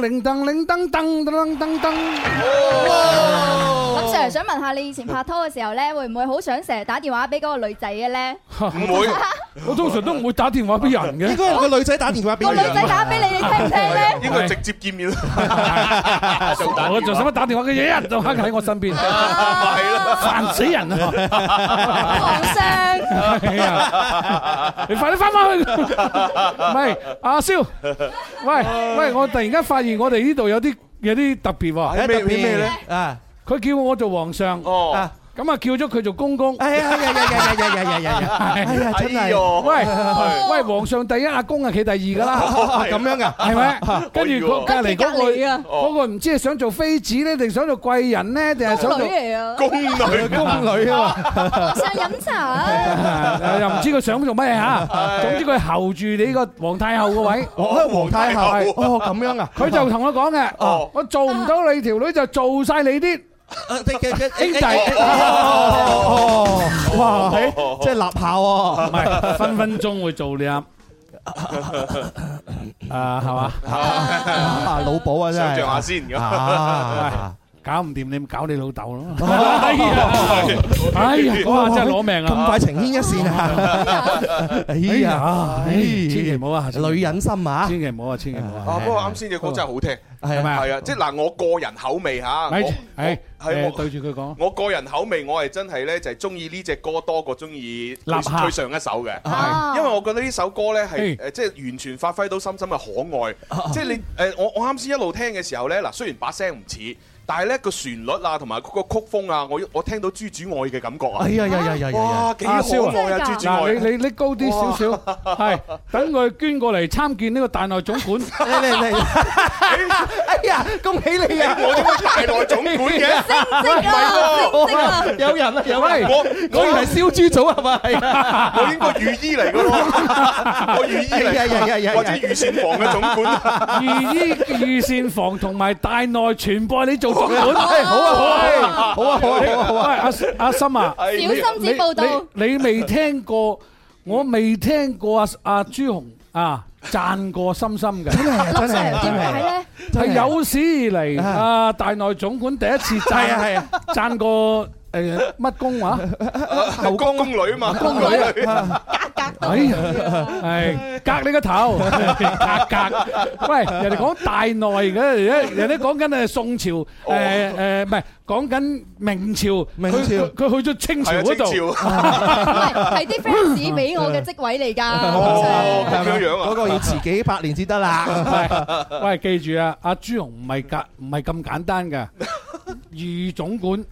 鈴登鈴登登登登登，咁成日想問下你以前拍拖嘅時候咧，會唔會好想成日打電話俾嗰個女仔嘅咧？唔會，我通常都唔會打電話俾人嘅。應該係個女仔打電話俾，個女仔打俾你，你聽唔聽咧？應該直接見面啦。我仲想乜打電話嘅嘢，一就翻喺我身邊，煩死人啊！冇聲，你快啲翻返去。喂，阿蕭，喂喂，我突然間發現。我哋呢度有啲有啲特別喎，喺度咩咧？啊，佢叫我做皇上。哦。啊。咁啊叫咗佢做公公，哎呀呀呀呀呀呀呀呀呀！哎呀，真係，喂喂，皇上第一阿公啊，企第二噶啦，咁樣噶，係咪？跟住隔籬嗰個嗰個唔知係想做妃子咧，定想做貴人咧，定係想？做乜嘢啊，宮女，宮女啊，想飲茶，又唔知佢想做乜嘢吓？總之佢候住你呢個皇太后個位，哦，皇太后哦，咁樣啊？佢就同我講嘅，我做唔到你條女，就做晒你啲。啊！你嘅嘅兄弟，哇！即、欸、係立下喎、啊，唔係分分鐘會做呢？啊、 uh,，係嘛？啊，老保啊，即係想下先 uh, uh, uh. 搞唔掂，你咪搞你老豆咯！哎呀，真係攞命啊！咁快情牽一線啊！哎呀，千祈唔好啊！女人心啊！千祈唔好啊！千祈唔好啊！啊，不過啱先隻歌真係好聽，係咪？係啊，即係嗱，我個人口味吓，係係我對住佢講，我個人口味我係真係咧就係中意呢隻歌多過中意佢上一首嘅，因為我覺得呢首歌咧係誒即係完全發揮到深深嘅可愛，即係你誒我我啱先一路聽嘅時候咧，嗱雖然把聲唔似。但係咧個旋律啊，同埋個曲風啊，我我聽到豬主愛嘅感覺啊！哎呀呀呀呀！哇，幾消啊！嗱，你你拎高啲少少，係等佢捐過嚟參見呢個大內總管。哎呀，恭喜你啊！我點解大內總管嘅？正式啊！有人啊，有咩？我我原來燒豬組係咪？我應該御醫嚟嘅喎，我御醫嚟嘅，或者御膳房嘅總管。御醫、御膳房同埋大內傳播，你做？好啊好啊好啊好啊！阿阿森啊，小心子報道，你未聽過，我未聽過阿阿朱紅啊讚過心心嘅，真係真係唔知名咧，係有史以嚟啊大內總管第一次係啊係啊讚過。乜公話後宮女嘛？宮女啊，格格哎呀，係隔你個頭，格格喂！人哋講大內嘅，人哋講緊誒宋朝，誒誒唔係講緊明朝，明朝佢去咗清朝嗰度，喂係啲 fans 俾我嘅職位嚟噶，嗰個要遲幾百年先得啦。喂，記住啊，阿朱紅唔係簡唔係咁簡單嘅御總管。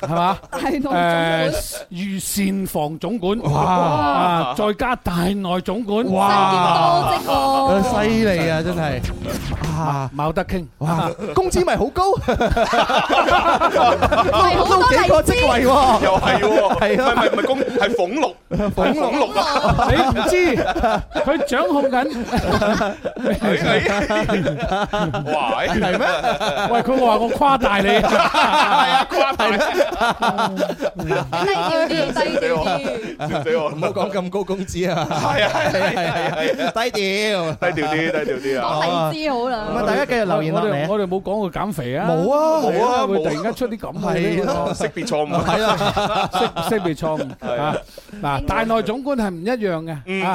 係嘛？誒，御膳房總管哇，再加大內總管哇，多職喎，犀利啊，真係啊，冇得傾哇，工資咪好高，都幾個職位喎，又係喎，係咯，咪咪咪工係俸祿，俸祿祿啊，你唔知佢掌控緊，喂，係咩？喂，佢話我誇大你，係啊，誇大。真係要要低調，笑死我！唔好講咁高工資啊！係啊，係係係係，低調，低調啲，低調啲啊！講低啲好啦。唔係大家繼續留言啦。我哋我哋冇講過減肥啊！冇啊冇啊！會突然間出啲咁嘅識別錯誤係啦，識識別錯誤係啊。嗱，大內總管係唔一樣嘅。嗯。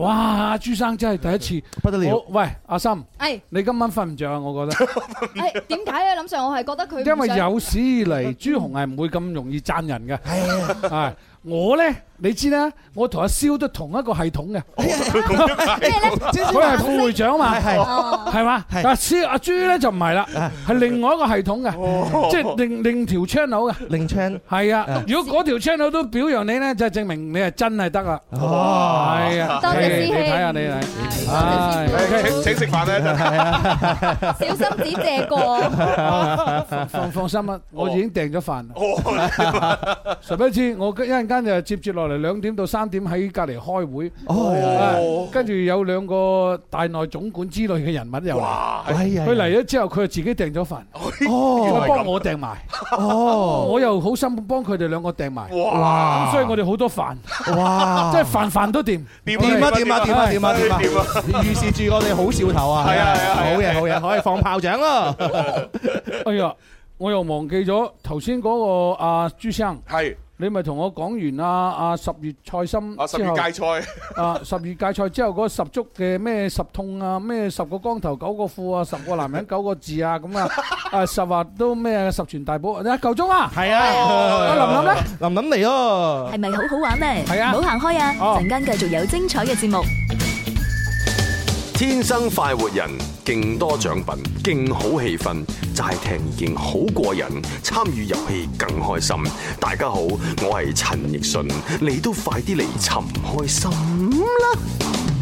哇！朱生真係第一次，不得了。喂，阿森，誒，你今晚瞓唔着啊？我覺得。誒，點解咧？諗上我係覺得佢，因為有史以嚟朱。同係唔會咁容易讚人嘅，係啊！ 我咧。你知啦，我同阿蕭都同一個系統嘅，佢係副會長嘛，係嘛？阿蕭阿朱咧就唔係啦，係另外一個系統嘅，即係另另一條 channel 嘅。另 channel 係啊，如果嗰條 channel 都表揚你咧，就證明你係真係得啦。哦，係啊，多謝你，睇下你嚟。請請食飯咧，真係。小心啲借過，放放心啊，我已經訂咗飯。哦，十一一朝，我一陣間就接接落嚟。兩點到三點喺隔籬開會，跟住有兩個大內總管之類嘅人物又話，佢嚟咗之後佢自己訂咗飯，佢幫我訂埋，我又好心幫佢哋兩個訂埋，咁所以我哋好多飯，即係飯飯都掂，掂啊掂啊掂啊掂掂，預示住我哋好兆頭啊，係啊係啊，好嘢好嘢，可以放炮仗啦，哎呀，我又忘記咗頭先嗰個阿朱生係。你咪同我講完啊啊！十月菜心之後，啊十月芥菜，啊十月芥菜之後嗰十足嘅咩十痛啊，咩十個光頭九個富啊，十個男人九個字啊，咁啊，啊十話都咩十全大補啊！夠鐘啊，係啊，林林咧，林林嚟，哦，係咪好好玩咩？係啊，唔好行開啊，陣間繼續有精彩嘅節目，天生快活人。勁多獎品，勁好氣氛，齋聽已經好過癮，參與遊戲更開心。大家好，我係陳奕迅，你都快啲嚟尋開心啦！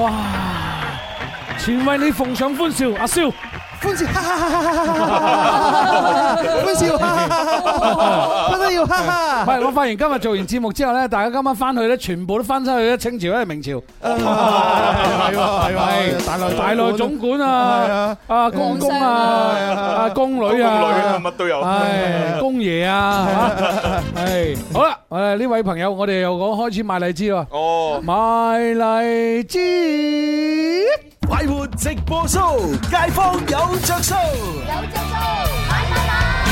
哇！全為你奉上歡笑，阿蕭。歡笑，歡笑，不得要哈哈！唔係，我發現今日做完節目之後咧，大家今晚翻去咧，全部都翻出去咧，清朝定係明朝。係喎，係喎，係。大內大內總管啊，啊，公公啊，啊，宮女啊，宮女乜都有。係，宮爺啊，係。好啦，誒呢位朋友，我哋又講開始賣荔枝喎。哦，賣荔枝。快活直播 show，街坊有着數，有着數，買買買！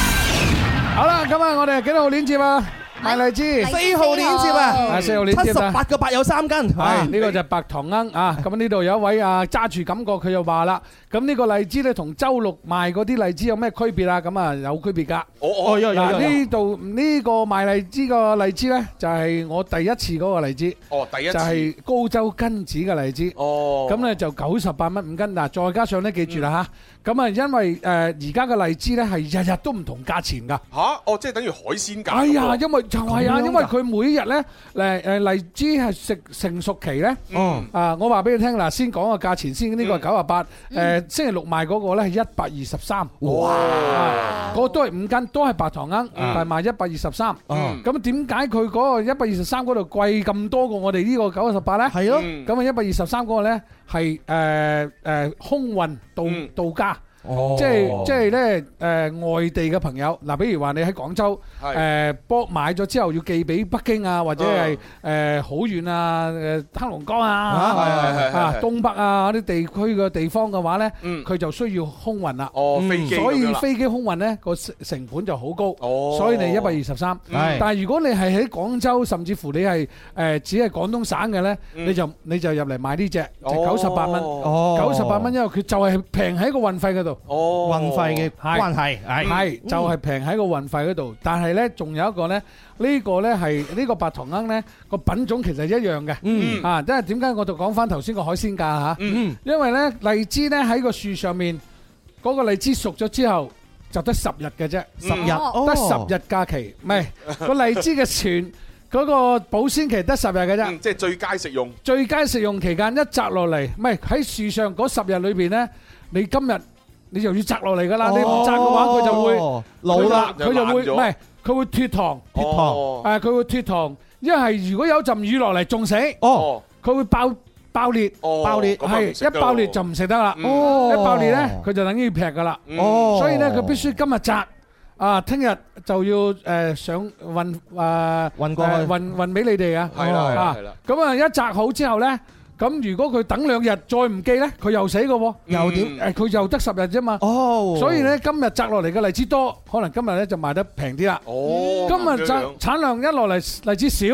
好啦，今日我哋幾多號鏈接啊？賣荔枝四號鏈接啊，啊，四號鏈接，啊、七十八個八有三斤，係呢個就白糖罌啊。咁呢度有一位啊，揸住感覺佢又話啦，咁呢個荔枝咧同周六賣嗰啲荔枝有咩區別啊？咁啊有區別噶。哦哦，有有有。嗱，呢度呢個賣荔枝個荔枝咧，就係、是、我第一次嗰個荔枝。哦，第一次就係高州根子嘅荔枝。哦。咁咧就九十八蚊五斤。嗱，再加上咧，記住啦吓。嗯咁啊，因為誒而家嘅荔枝咧係日日都唔同價錢噶吓，哦，即係等於海鮮價。哎呀，因為就係啊，因為佢每日咧，誒誒，荔枝係食成熟期咧，哦，啊，我話俾你聽嗱，先講個價錢先，呢個係九啊八，誒，星期六賣嗰個咧係一百二十三，哇，個都係五斤，都係白糖罌，但賣一百二十三，咁點解佢嗰個一百二十三嗰度貴咁多過我哋呢個九十八咧？係咯，咁啊一百二十三嗰個咧。係誒誒空運到到家。即係即係咧誒外地嘅朋友嗱，比如話你喺廣州誒幫買咗之後要寄俾北京啊，或者係誒好遠啊誒黑龍江啊啊東北啊嗰啲地區嘅地方嘅話咧，佢就需要空運啦。哦，飛機，所以飛機空運咧個成本就好高。哦，所以你一百二十三。係，但係如果你係喺廣州，甚至乎你係誒只係廣東省嘅咧，你就你就入嚟買呢隻，就九十八蚊。哦，九十八蚊，因為佢就係平喺個運費嗰度。哦，運費嘅關係係就係平喺個運費嗰度，但係呢，仲有一個呢，呢個呢，係呢個白糖罌呢個品種其實一樣嘅，嗯啊，即係點解我哋講翻頭先個海鮮價吓，因為呢，荔枝呢喺個樹上面嗰個荔枝熟咗之後就得十日嘅啫，十日得十日假期，唔係個荔枝嘅全嗰個保鮮期得十日嘅啫，即係最佳食用，最佳食用期間一摘落嚟，唔係喺樹上嗰十日裏邊呢，你今日，你就要摘落嚟噶啦，你唔摘嘅話佢就會老啦，佢就會唔係，佢會脫糖脫糖，誒佢會脫糖。因為係如果有陣雨落嚟，仲死哦，佢會爆爆裂爆裂，係一爆裂就唔食得啦。一爆裂咧，佢就等於劈噶啦。所以咧，佢必須今日摘，啊聽日就要誒上運誒運過去運運俾你哋啊。係啦，係啦，咁啊一摘好之後咧。咁如果佢等兩日再唔寄咧，佢又死嘅喎，又點？誒，佢又得十日啫嘛。哦，所以咧今日摘落嚟嘅荔枝多，可能今日咧就賣得平啲啦。哦今，今日摘產量一落嚟，荔枝少，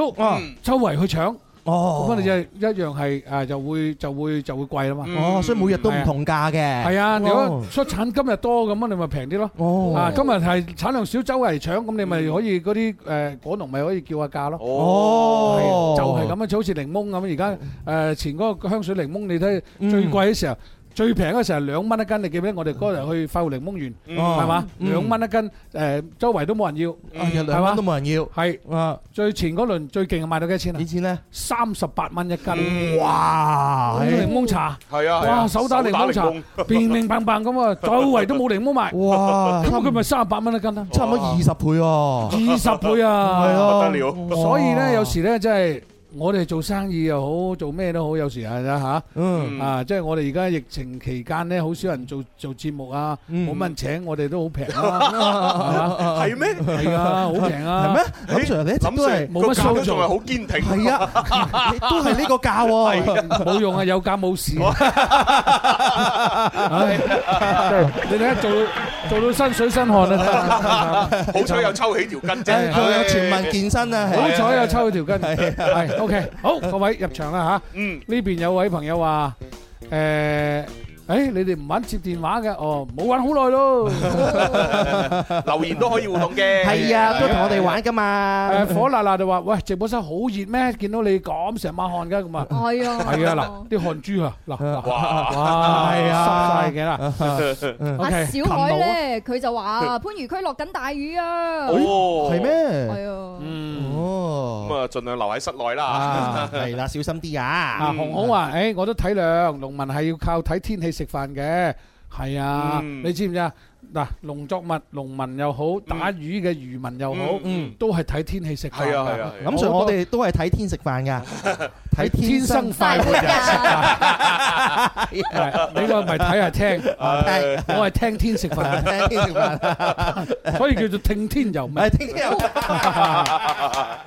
周圍、嗯、去搶。哦，咁啊你就係一樣係啊，就會就會就會貴啊嘛。哦，所以每日都唔同價嘅。係啊，哦、如果出產今日多咁啊，你咪平啲咯。哦、啊，今日係產量少，周圍搶，咁、嗯、你咪可以嗰啲誒果農咪可以叫下價咯。哦，就係咁啊，就係、樣好似檸檬咁，而家誒前嗰個香水檸檬你，你睇最貴嘅時候。嗯最平嘅時係兩蚊一斤，你記唔記得我哋嗰日去快活檸檬園，係嘛？兩蚊一斤，誒，周圍都冇人要，係嘛？都冇人要，係啊！最前嗰輪最勁賣到幾多錢啊？幾錢咧？三十八蚊一斤，哇！檸檬茶係啊，哇！手打檸檬茶，平 r 棒棒 l 咁啊，周圍都冇檸檬賣，哇！咁佢咪三十八蚊一斤啊？差唔多二十倍喎，二十倍啊，係咯，得了。所以咧，有時咧，真係。我哋做生意又好，做咩都好，有時係啊嚇，啊即係我哋而家疫情期間咧，好少人做做節目啊，冇乜人請我哋都好平啊，係咩？係啊，好平啊，係咩？咁成日咧，都係個數量係好堅挺，係啊，都係呢個價喎，冇用啊，有價冇市。你睇下做做到身水身汗啦，好彩又抽起條筋啫，仲有全民健身啊，好彩又抽起條筋。O.K.，好，各位入場啦吓，嗯、啊，呢邊有位朋友話：誒、欸。誒，你哋唔玩接電話嘅，哦，冇玩好耐咯，留言都可以互動嘅。係啊，都同我哋玩噶嘛。誒，火辣辣就話，喂，直播室好熱咩？見到你咁成晚汗嘅咁啊。係啊。係啊，嗱，啲汗珠啊，嗱，哇，係啊，濕曬嘅啦。阿小海咧，佢就話：番禺區落緊大雨啊。哦，係咩？係啊。嗯，哦。咁啊，儘量留喺室內啦。係啦，小心啲啊。阿紅紅話：誒，我都體諒，農民係要靠睇天氣食飯嘅。係啊，嗯、你知唔知啊？嗱，農作物農民又好，打魚嘅漁民又好，嗯嗯嗯、都係睇天氣食飯。係啊係啊，是啊，是啊我，咁所以我哋都係睇天食飯噶，睇 天生快活人。 哎、你話咪睇下聽？我係聽天食飯，聽天食飯，所以叫做聽天由命。聽天由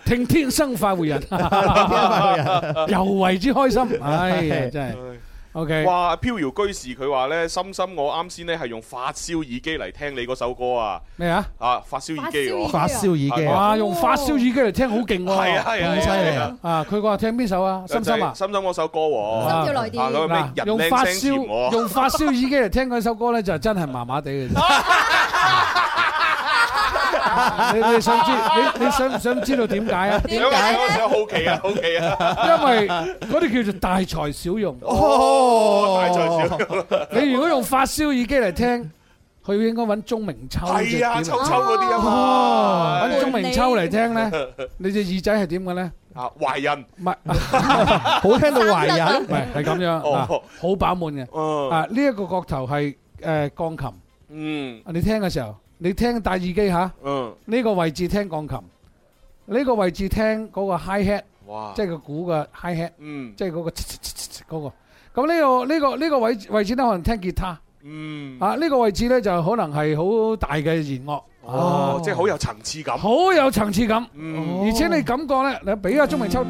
聽天生快活人， 又為之開心。唉、哎，真係。哇！飄搖居士佢話咧，深深我啱先咧係用發燒耳機嚟聽你嗰首歌啊！咩啊？啊發燒耳機，發燒耳機哇，用發燒耳機嚟聽好勁喎，係啊係啊，好犀利啊！啊，佢話聽邊首啊？深深啊，深深嗰首歌喎，嚇！用發燒用發燒耳機嚟聽嗰首歌咧，就真係麻麻地嘅啫。你你想知，你你想唔想知道點解啊？點解我想好奇啊好奇啊？因為嗰啲叫做大材小用。哦，大材小用。你如果用發燒耳機嚟聽，佢應該揾鐘明秋。係啊，秋秋嗰啲啊。揾鐘明秋嚟聽咧，你隻耳仔係點嘅咧？啊，懷孕？唔係好聽到懷孕，係係咁樣，好飽滿嘅。啊，呢一個角頭係誒鋼琴。嗯。你聽嘅時候。你聽戴耳機吓，呢個位置聽鋼琴，呢個位置聽嗰個 high hat，即係個鼓嘅 high hat，即係嗰個嗰個。咁呢個呢個呢個位位置咧可能聽吉他，啊呢個位置咧就可能係好大嘅弦樂，即係好有層次感，好有層次感，而且你感覺咧，你俾阿鍾明秋，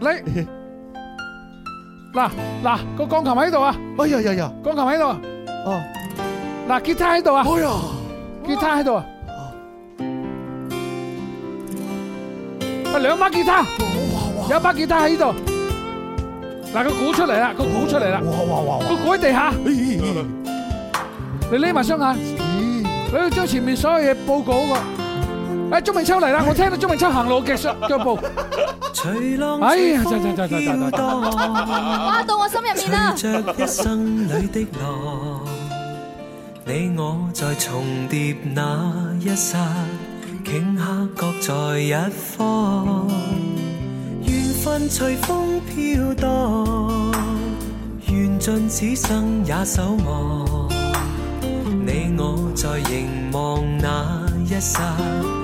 你嗱嗱個鋼琴喺度啊，哎呀呀呀，鋼琴喺度啊，哦，嗱吉他喺度啊，哎呀。吉他喺度啊！啊，兩把吉他，有把吉他喺呢度。嗱，佢鼓出嚟啦，佢鼓出嚟啦！哇哇哇哇！佢鼓喺地下。你匿埋雙眼，你要將前面所有嘢報告我。啊，鍾明秋嚟啦，我聽到鍾明秋行路嘅腳腳步。哎呀！嘩到我心入面啦！你我在重疊那一剎，頃刻各在一方。緣分隨風飄蕩，緣盡此生也守望。你我在凝望那一剎。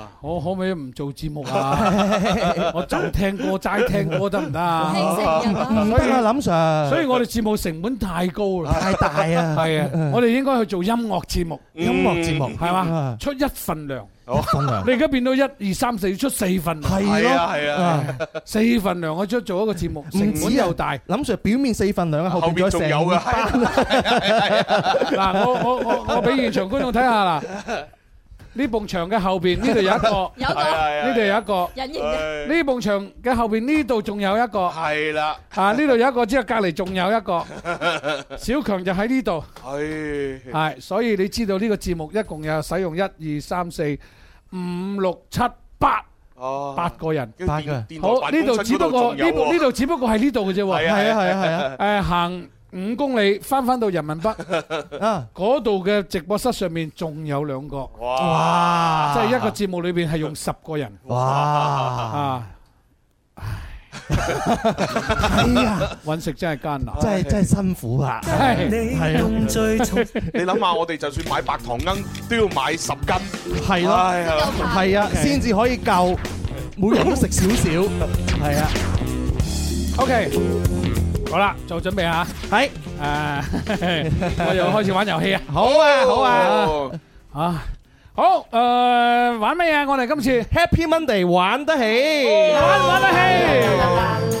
我可唔可以唔做節目啊？我就聽歌，齋聽歌得唔得啊？唔得啊，林 sir！所以我哋節目成本太高啦，太大啊，係啊！我哋應該去做音樂節目，音樂節目係嘛？出一份糧，一份糧。你而家變到一二三四，出四份糧係咯，係啊，四份糧我出做一個節目，成本又大。林 sir 表面四份糧，後面仲有啊！嗱，我我我我俾現場觀眾睇下啦。呢埲牆嘅後邊呢度有一個，呢度 有一個，呢埲牆嘅後邊呢度仲有一個，係啦， 啊呢度有一個之後隔籬仲有一個，小強就喺呢度，係，係，所以你知道呢個節目一共有使用一二三四五六七八，哦，八個人，八個人。好，呢度只不過呢呢度只不過係呢度嘅啫喎，係啊係啊係啊，誒行。行五公里返返到人民北，嗰度嘅直播室上面仲有兩個，哇！即係一個節目裏邊係用十個人，哇！啊！哎呀，揾食真係艱難，真係真係辛苦啊！係係啊！你諗下，我哋就算買白糖罌都要買十斤，係咯，係啊，先至可以夠，每人都食少少，係啊。OK。好啦，做準備吓，係，誒，我又開始玩遊戲啊！好啊，好啊，啊，好，誒，玩乜嘢？我哋今次 Happy Monday 玩得起，玩玩得起。.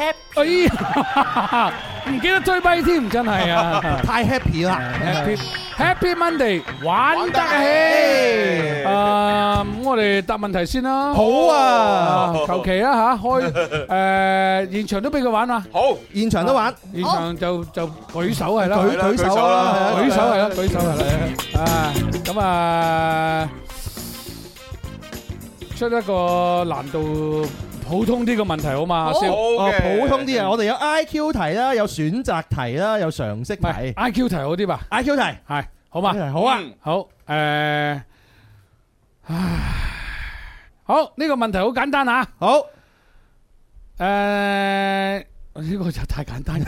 哎，唔記得追幣添，真係啊！太 happy 啦，happy happy Monday，玩得起。咁我哋答問題先啦。好啊，求其啦吓，開誒現場都俾佢玩啊。好，現場都玩。現場就就舉手係啦，舉舉手啦，舉手係啦，舉手係啦。咁啊，出一個難度。普通啲嘅問題好嘛？哦，普通啲啊！我哋有 I Q 題啦，有選擇題啦，有常識題。I Q 題好啲吧？I Q 題係好嘛？好啊，好誒，好呢個問題好簡單啊！好誒，呢個就太簡單。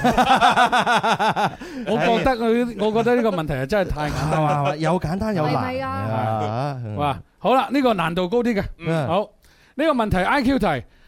我覺得佢，我覺得呢個問題係真係太簡單，有簡單有難啊！哇，好啦，呢個難度高啲嘅，好呢個問題 I Q 題。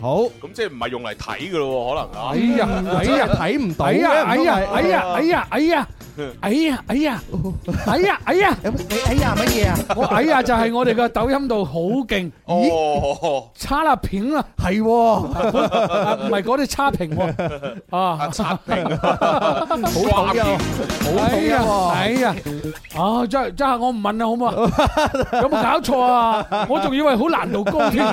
好，咁即係唔係用嚟睇噶咯？可能啊，哎呀，哎呀，睇唔到啊，哎呀，哎呀，哎呀，哎呀，哎呀，哎呀，哎呀，哎呀，哎呀，乜嘢啊？我哎呀就係我哋個抖音度好勁，咦，差啦片啦，係唔係嗰啲差評啊？差評，好霸片，好睇啊，哎呀，啊，即係即係我唔問啦，好唔好？有冇搞錯啊？我仲以為好難度高添，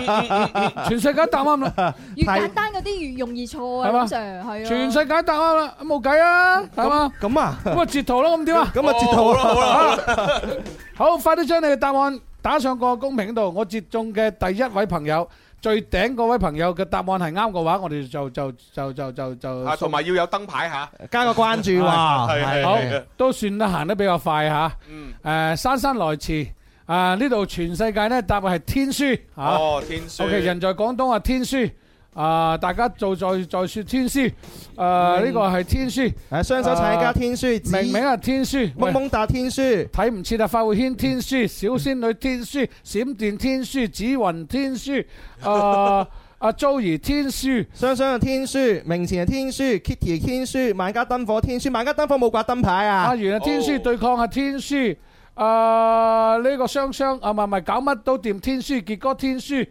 全世界答啱啦。越簡單嗰啲越容易錯啊！Sir，係咯，全世界答案啦，冇計啊，係嘛？咁啊，咁啊，截圖咯，咁點啊？咁啊，截圖咯，好，快啲將你嘅答案打上個公屏度，我接中嘅第一位朋友，最頂嗰位朋友嘅答案係啱嘅話，我哋就就就就就就，啊，同埋要有燈牌吓，加個關注啊，好，都算得行得比較快吓，嗯，誒，姍姍來遲。啊！呢度全世界呢，答案係天書吓。哦，天書。O.K. 人在廣東啊，天書。啊，大家就在在說天書。誒，呢個係天書。雙手撐起家天書。明明係天書。蒙蒙打天書。睇唔切啊！發會軒天書，小仙女天書，閃電天書，紫雲天書。啊啊，Joey 天書，雙雙係天書，明前係天書，Kitty 天書，萬家燈火天書，萬家燈火冇掛燈牌啊。阿源啊，天書對抗係天書。呃這個，雙雙啊！呢個雙雙啊，唔係唔係，搞乜都掂。天書傑哥天書，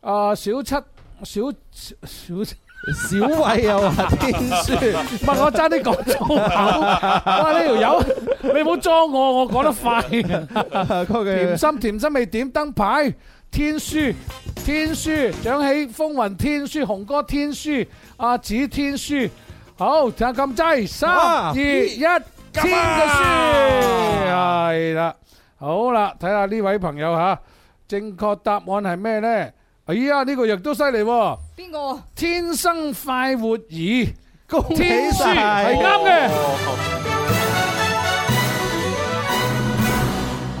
啊、呃、小七小小小偉又話天書，問 我爭啲講粗口。哇、 啊！呢條友你唔好裝我，我講得快，啊。 甜心甜心未點燈牌，天書天書，天書，掌起風雲天書，紅哥天書，阿、啊、子天書，好，就咁滯，三二一。天嘅書係啦、哎呀，好啦，睇下呢位朋友吓，正確答案係咩呢？哎呀，呢、這個亦都犀利，邊個誰？天生快活兒書，恭喜晒，係啱嘅。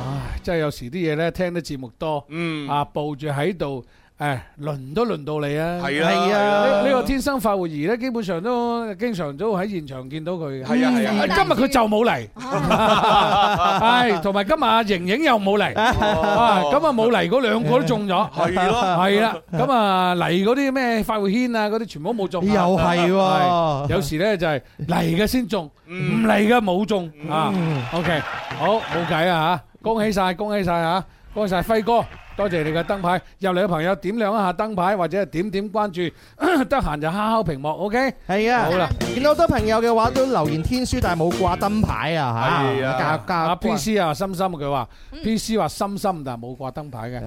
唉、啊，真係有時啲嘢咧，聽得節目多，嗯，啊，報住喺度。誒，輪都輪到你啊！係啊，呢個天生快活兒咧，基本上都經常都喺現場見到佢嘅。係啊，今日佢就冇嚟，係同埋今日阿瑩瑩又冇嚟，咁啊冇嚟，嗰兩個都中咗，係咯，係啦，咁啊嚟嗰啲咩快活軒啊，嗰啲全部都冇中。又係喎，有時咧就係嚟嘅先中，唔嚟嘅冇中啊。OK，好，冇計啊吓，恭喜晒，恭喜晒吓，恭喜晒輝哥。多謝你嘅燈牌，入嚟嘅朋友點亮一下燈牌，或者係點點關注，得閒就敲敲屏幕，OK？係啊，好啦，見到好多朋友嘅話都留言天書，但係冇掛燈牌啊吓，加加 PC 啊心心，佢話 PC 話心心，但係冇掛燈牌嘅。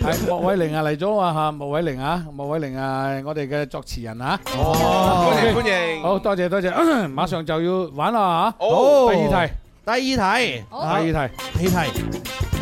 係莫偉玲啊嚟咗啊吓，莫偉玲啊，莫偉玲啊，我哋嘅作詞人啊，哦，歡迎歡迎，好多謝多謝，馬上就要玩啦吓，好，第二題，第二題，第二題，幾題？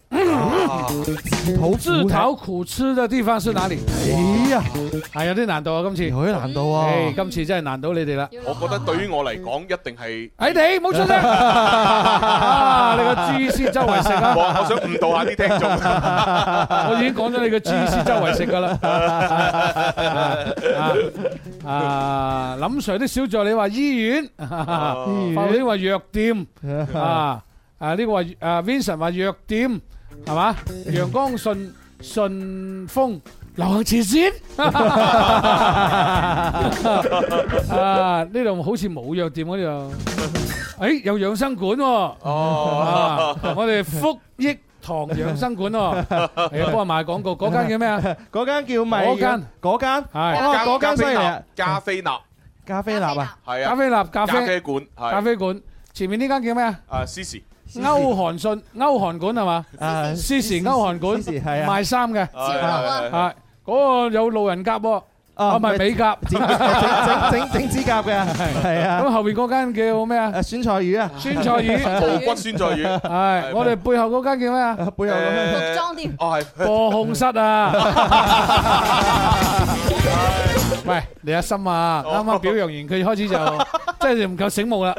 自討苦吃的地方是哪裏？哎呀，係有啲難度啊！今次有啲難度啊！今次真係難到你哋啦！我覺得對於我嚟講，一定係你哋冇出聲啊！你個蛛絲周圍食啊！我我想誤導下啲聽眾，我已經講咗你個蛛絲周圍食㗎啦！啊，林 sir 啲小助，你話醫院，你話藥店啊？誒呢個話，誒 Vincent 話藥店。係嘛？陽光順順風流行前線啊！呢度好似冇藥店嗰樣，誒，有養生館哦。我哋福益堂養生館哦，又幫我賣廣告。嗰間叫咩啊？嗰間叫米。嗰間嗰間係。哦，嗰間西藥。咖啡納。咖啡納啊！係啊。咖啡納。咖啡館。咖啡館。前面呢間叫咩啊？啊，Cici。歐韓信歐韓館係嘛，C 時歐韓館賣衫嘅，嗰個有路人甲，唔係美甲整整整整指甲嘅，係啊。咁後邊嗰間叫咩啊？酸菜魚啊，酸菜魚，無骨酸菜魚。係我哋背後嗰間叫咩啊？背後服裝店，哦係，播控室啊。喂，你阿心啊，啱啱表揚完佢，開始就。真係你唔夠醒目啦！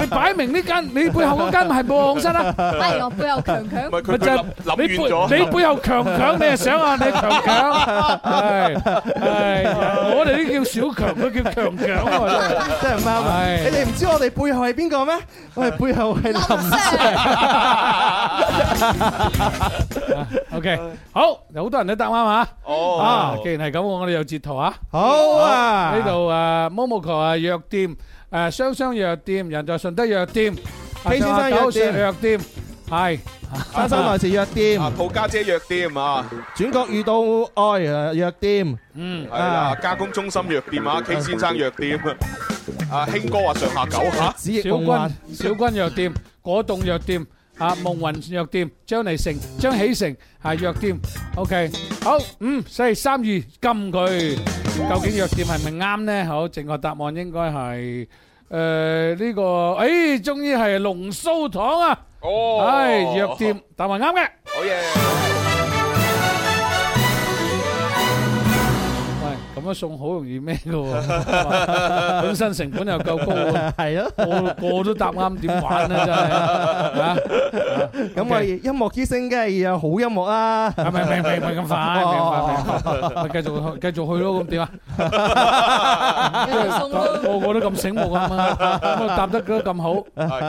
你擺明呢間，你背後嗰間係黃室啦。不如我背後強強。咪就係諗完咗。你背後強強，你係想話你強強。係，我哋呢啲叫小強，佢叫強強啊，真係唔啱。係你哋唔知我哋背後係邊個咩？我哋，背後係林。O K，好，有好多人都答啱啊！啊，既然係咁，我我哋有截圖啊！好啊，呢度誒，Momo 啊，約。藥店，誒，雙雙藥店，人在順德藥店，K 先生藥店，藥店係，珊珊來遲藥店，陶家姐藥店啊，轉角遇到愛藥店，嗯，啊，加工中心藥店啊，K 先生藥店，阿興哥話上下九吓，小軍小軍藥店，果棟藥店。啊！夢雲藥店將嚟成將起成係藥店，OK，好，嗯，五四三二禁佢，究竟藥店係咪啱呢？好，正確答案應該係誒呢個，誒終於係龍鬚糖啊！哦，係藥店答案啱嘅。好嘢。送好容易咩嘅喎，本身成本又夠高，係咯，個個都答啱，點玩咧，真係啊！咁啊，音樂之聲梗係有好音樂啦，唔係唔係唔係咁快，唔係唔係，繼續去繼續去咯，咁點啊？繼續送咯，個個都咁醒目啊嘛，咁啊答得咁好，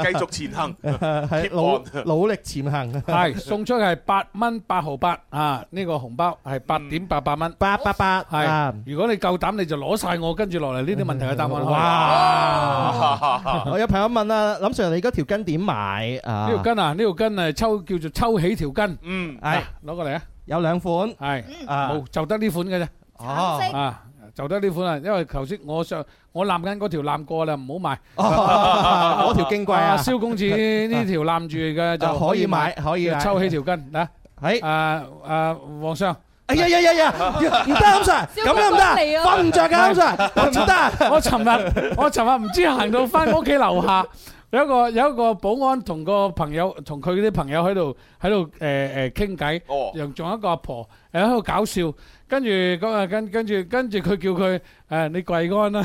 繼續前行，keep on，努力前行。係送出嘅係八蚊八毫八啊，呢個紅包係八點八八蚊，八八八係，如果。你夠膽你就攞晒我跟住落嚟呢啲問題嘅答案。哇！我有朋友問啊，林 sir 你嗰條筋點買啊？呢條筋啊，呢條筋啊抽，叫做抽起條筋。嗯，係攞過嚟啊。有兩款係啊，就得呢款嘅啫。哦，啊，就得呢款啊，因為頭先我上我攬緊嗰條攬過啦，唔好買。我條矜貴啊，蕭公子呢條攬住嘅就可以買，可以抽起條筋嗱。喺啊啊，皇上。哎呀呀呀呀！唔得 Sir，咁又唔得，瞓唔着噶 Sir，唔得，我尋日我尋日唔知行到翻屋企樓下，有一個有一個保安同個朋友同佢啲朋友喺度喺度誒誒傾偈，又仲有、欸、一個阿婆喺度搞笑。跟住，跟啊，跟跟住，跟住佢叫佢，誒，你跪安啦，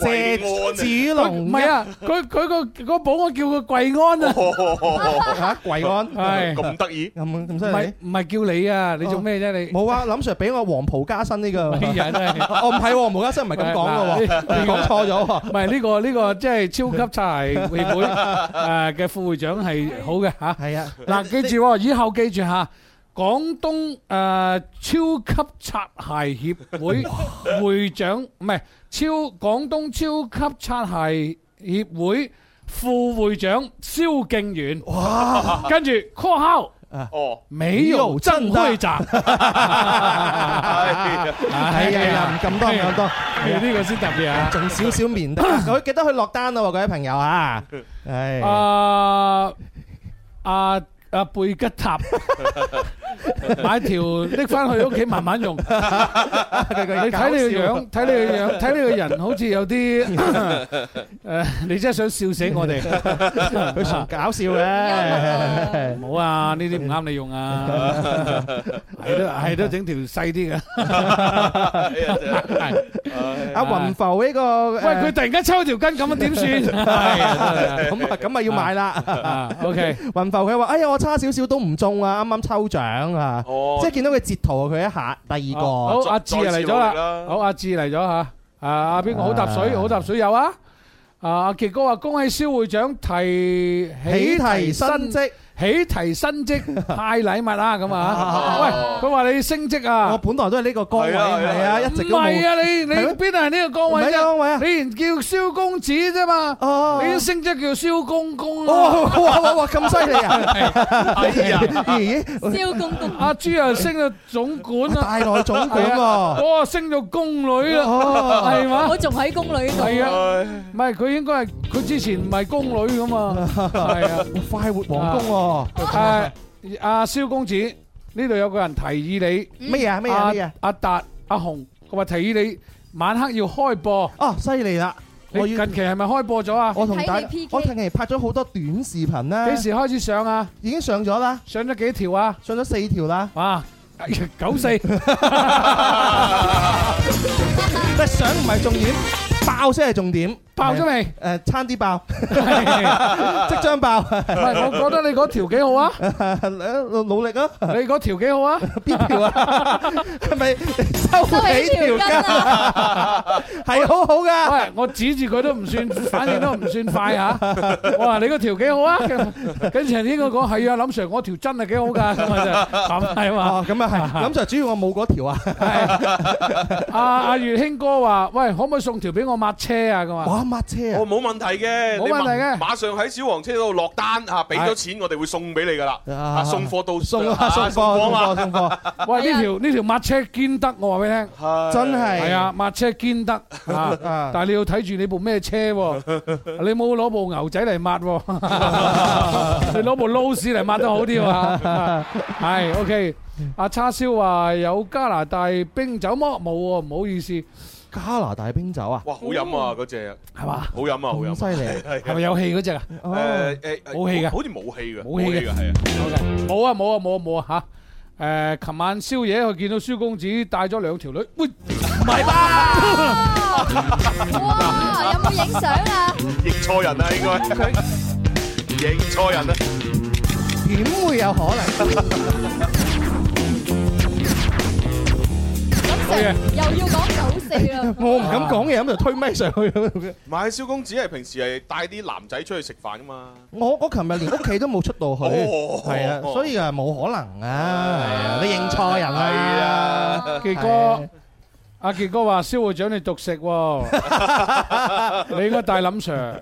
謝子龍，唔係啊，佢佢個嗰個保安叫佢跪安啊，吓跪安，係咁得意，咁咁犀唔係唔係叫你啊，你做咩啫你？冇啊，林 Sir 俾我黃袍加薪呢個，哦唔係，毛加薪唔係咁講噶，你講錯咗，唔係呢個呢個即係超級差爺會誒嘅副會長係好嘅吓，係啊，嗱記住，以後記住吓。廣東誒、呃、超級擦鞋協會會長唔係超廣東超級擦鞋協會副會長蕭敬源，哇！跟住 call 哦，美容真開閘，哎呀呀，唔咁多唔咁多，呢個先特別啊，仲少少面的，佢記得去落單啦喎，各位朋友啊，誒、啊，阿阿阿貝吉塔。 買條拎翻去屋企慢慢用。你睇你個樣，睇你個樣，睇你個人，好似有啲誒，你真係想笑死我哋。佢純搞笑嘅。唔好啊，呢啲唔啱你用啊。係都係都整條細啲嘅。阿雲浮呢個，喂，佢突然間抽條筋咁啊，點算？咁啊，咁咪要買啦。OK，雲浮佢話：哎呀，我差少少都唔中啊，啱啱抽獎。啊！嗯、即係見到佢截圖啊，佢一下第二個好阿志嚟咗啦，好阿志嚟咗吓，啊阿邊個好搭水、啊、好搭水有啊，啊杰哥啊，恭喜蕭會長提起提新職。喜提新職派禮物啦咁啊！喂，佢話你升職啊？我本來都係呢個崗位，係啊，一直都冇。唔係啊，你你邊係呢個崗位啫？你而叫蕭公子啫嘛？你已經升職叫蕭公公啊！哇哇哇，咁犀利啊！係啊，咦？蕭公公，阿朱又升咗總管啦，大內總管喎！我升咗宮女啦，係嘛？我仲喺宮女度。係啊，唔係佢應該係佢之前唔係宮女㗎嘛？係啊，快活皇宮喎！哦，阿阿蕭公子呢度有個人提議你咩嘢啊？咩嘢啊？阿達阿紅佢話提議你晚黑要開播哦，犀利啦！你近期係咪開播咗啊？我同跟我，我近期拍咗好多短視頻啊，幾時開始上啊？已經上咗啦，上咗幾條啊？上咗四條啦。哇，九四，但上唔係重點。爆先係重點，爆咗未？誒，差啲爆，即將爆。唔係，我覺得你嗰條幾好啊！努努力啊，你嗰條幾好啊？邊條啊？係咪收幾條啊？係好好噶。喂，我指住佢都唔算，反應都唔算快吓。我話你嗰條幾好啊？跟住前天我講係啊，林 Sir，我條真係幾好噶，咁啊，係嘛？咁啊係，咁就主要我冇嗰條啊。阿阿月興哥話，喂，可唔可以送條俾我？抹車啊，佢話。哇，抹車我冇問題嘅，冇問題嘅。馬上喺小黃車度落單啊，俾咗錢我哋會送俾你噶啦，送貨到送，送貨，送貨，喂，呢條呢條抹車堅得，我話俾你聽，真係係啊，抹車堅得。但係你要睇住你部咩車，你冇攞部牛仔嚟抹，你攞部 l o 勞斯嚟抹得好啲啊。係，OK。阿叉燒話有加拿大冰酒麼？冇喎，唔好意思。加拿大冰酒啊！哇，好飲啊，嗰隻係嘛，好飲啊，好飲，犀利！係咪有氣嗰隻啊？誒誒，冇氣嘅，好似冇氣嘅，冇氣嘅係啊，OK，冇啊冇啊冇啊冇啊吓！誒，琴晚宵夜我見到舒公子帶咗兩條女，喂，唔係吧？哇！有冇影相啊？認錯人啊，應該佢認錯人啊，點會有可能？又要講九四啊！我唔敢講嘢，咁就推咩上去？買蕭公子係平時係帶啲男仔出去食飯噶嘛？我我琴日連屋企都冇出到去，係啊，所以啊冇可能啊！係啊，你認錯人啦！係啊，杰哥，阿杰哥話蕭會長你獨食，你應該帶林 Sir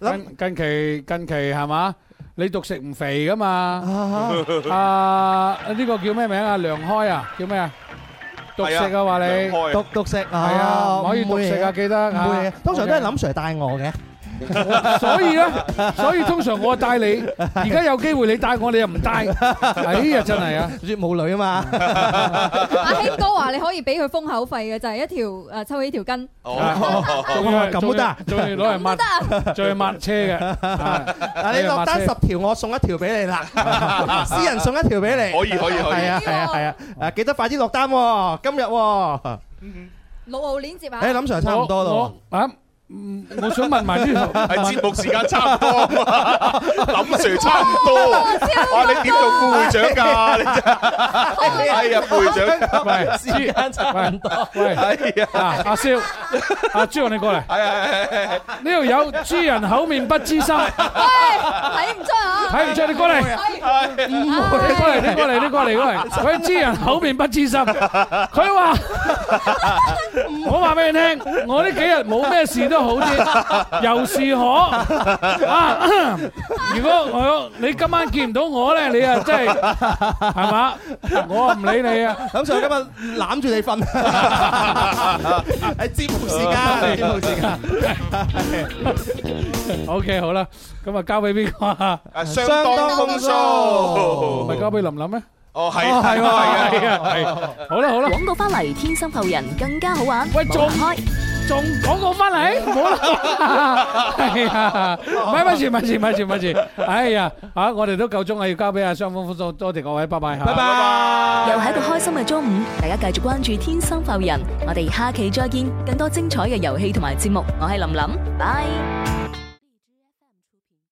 近近期近期係嘛？你獨食唔肥㗎嘛？ 啊，呢、這個叫咩名啊？梁開啊，叫咩啊？獨食啊，話的你獨獨開食啊，啊哎、呀可以唔食啊？行記得行啊，通常都係林 Sir 帶我嘅。所以咧，所以通常我帶你，而家有機會你帶我，你又唔帶，哎呀真係啊，說冇女啊嘛。阿興哥話你可以俾佢封口費嘅，就係一條誒抽起條筋哦，咁都得，仲要攞嚟抹，得，仲要抹車嘅。啊，你落單十條，我送一條俾你啦，私人送一條俾你，可以可以可以，係啊係啊係啊，誒記得快啲落單，今日，六號鏈接啊，誒林 sir 差唔多咯。嗯，我想問埋呢度係節目時間差唔多，林 Sir 差唔多。哇，你點做副會長噶？你真係係啊，副會長。喂，時間差唔多。喂，係啊。阿蕭，阿朱，你過嚟。係係係係。呢度有知人口面不知心。喂，睇唔出啊？睇唔出？你過嚟。你過嚟，你過嚟，你過嚟，過嚟。喂，佢知人口面不知心。佢話，我話俾你聽，我呢幾日冇咩事都。好啲，又是可啊！如果我你今晚見唔到我咧，你啊真係係嘛？我啊唔理你啊，咁所以今日攬住你瞓，喺節目時間，節目時間。O K，好啦，咁啊交俾邊個啊？相當風騷，咪交俾林林咩？哦，係啊，係啊，係啊，係啊，好啦，好啦。廣告翻嚟，天生後人更加好玩。喂，撞開。仲講過翻嚟，唔好啦，係啊，唔使唔使唔使唔使唔使，哎呀吓，我哋都夠鐘啊，要交俾阿雙方夫婦多謝各位，拜拜吓，拜拜，又係一個開心嘅中午，大家繼續關注天生浮人，我哋下期再見，更多精彩嘅遊戲同埋節目，我係林林，拜。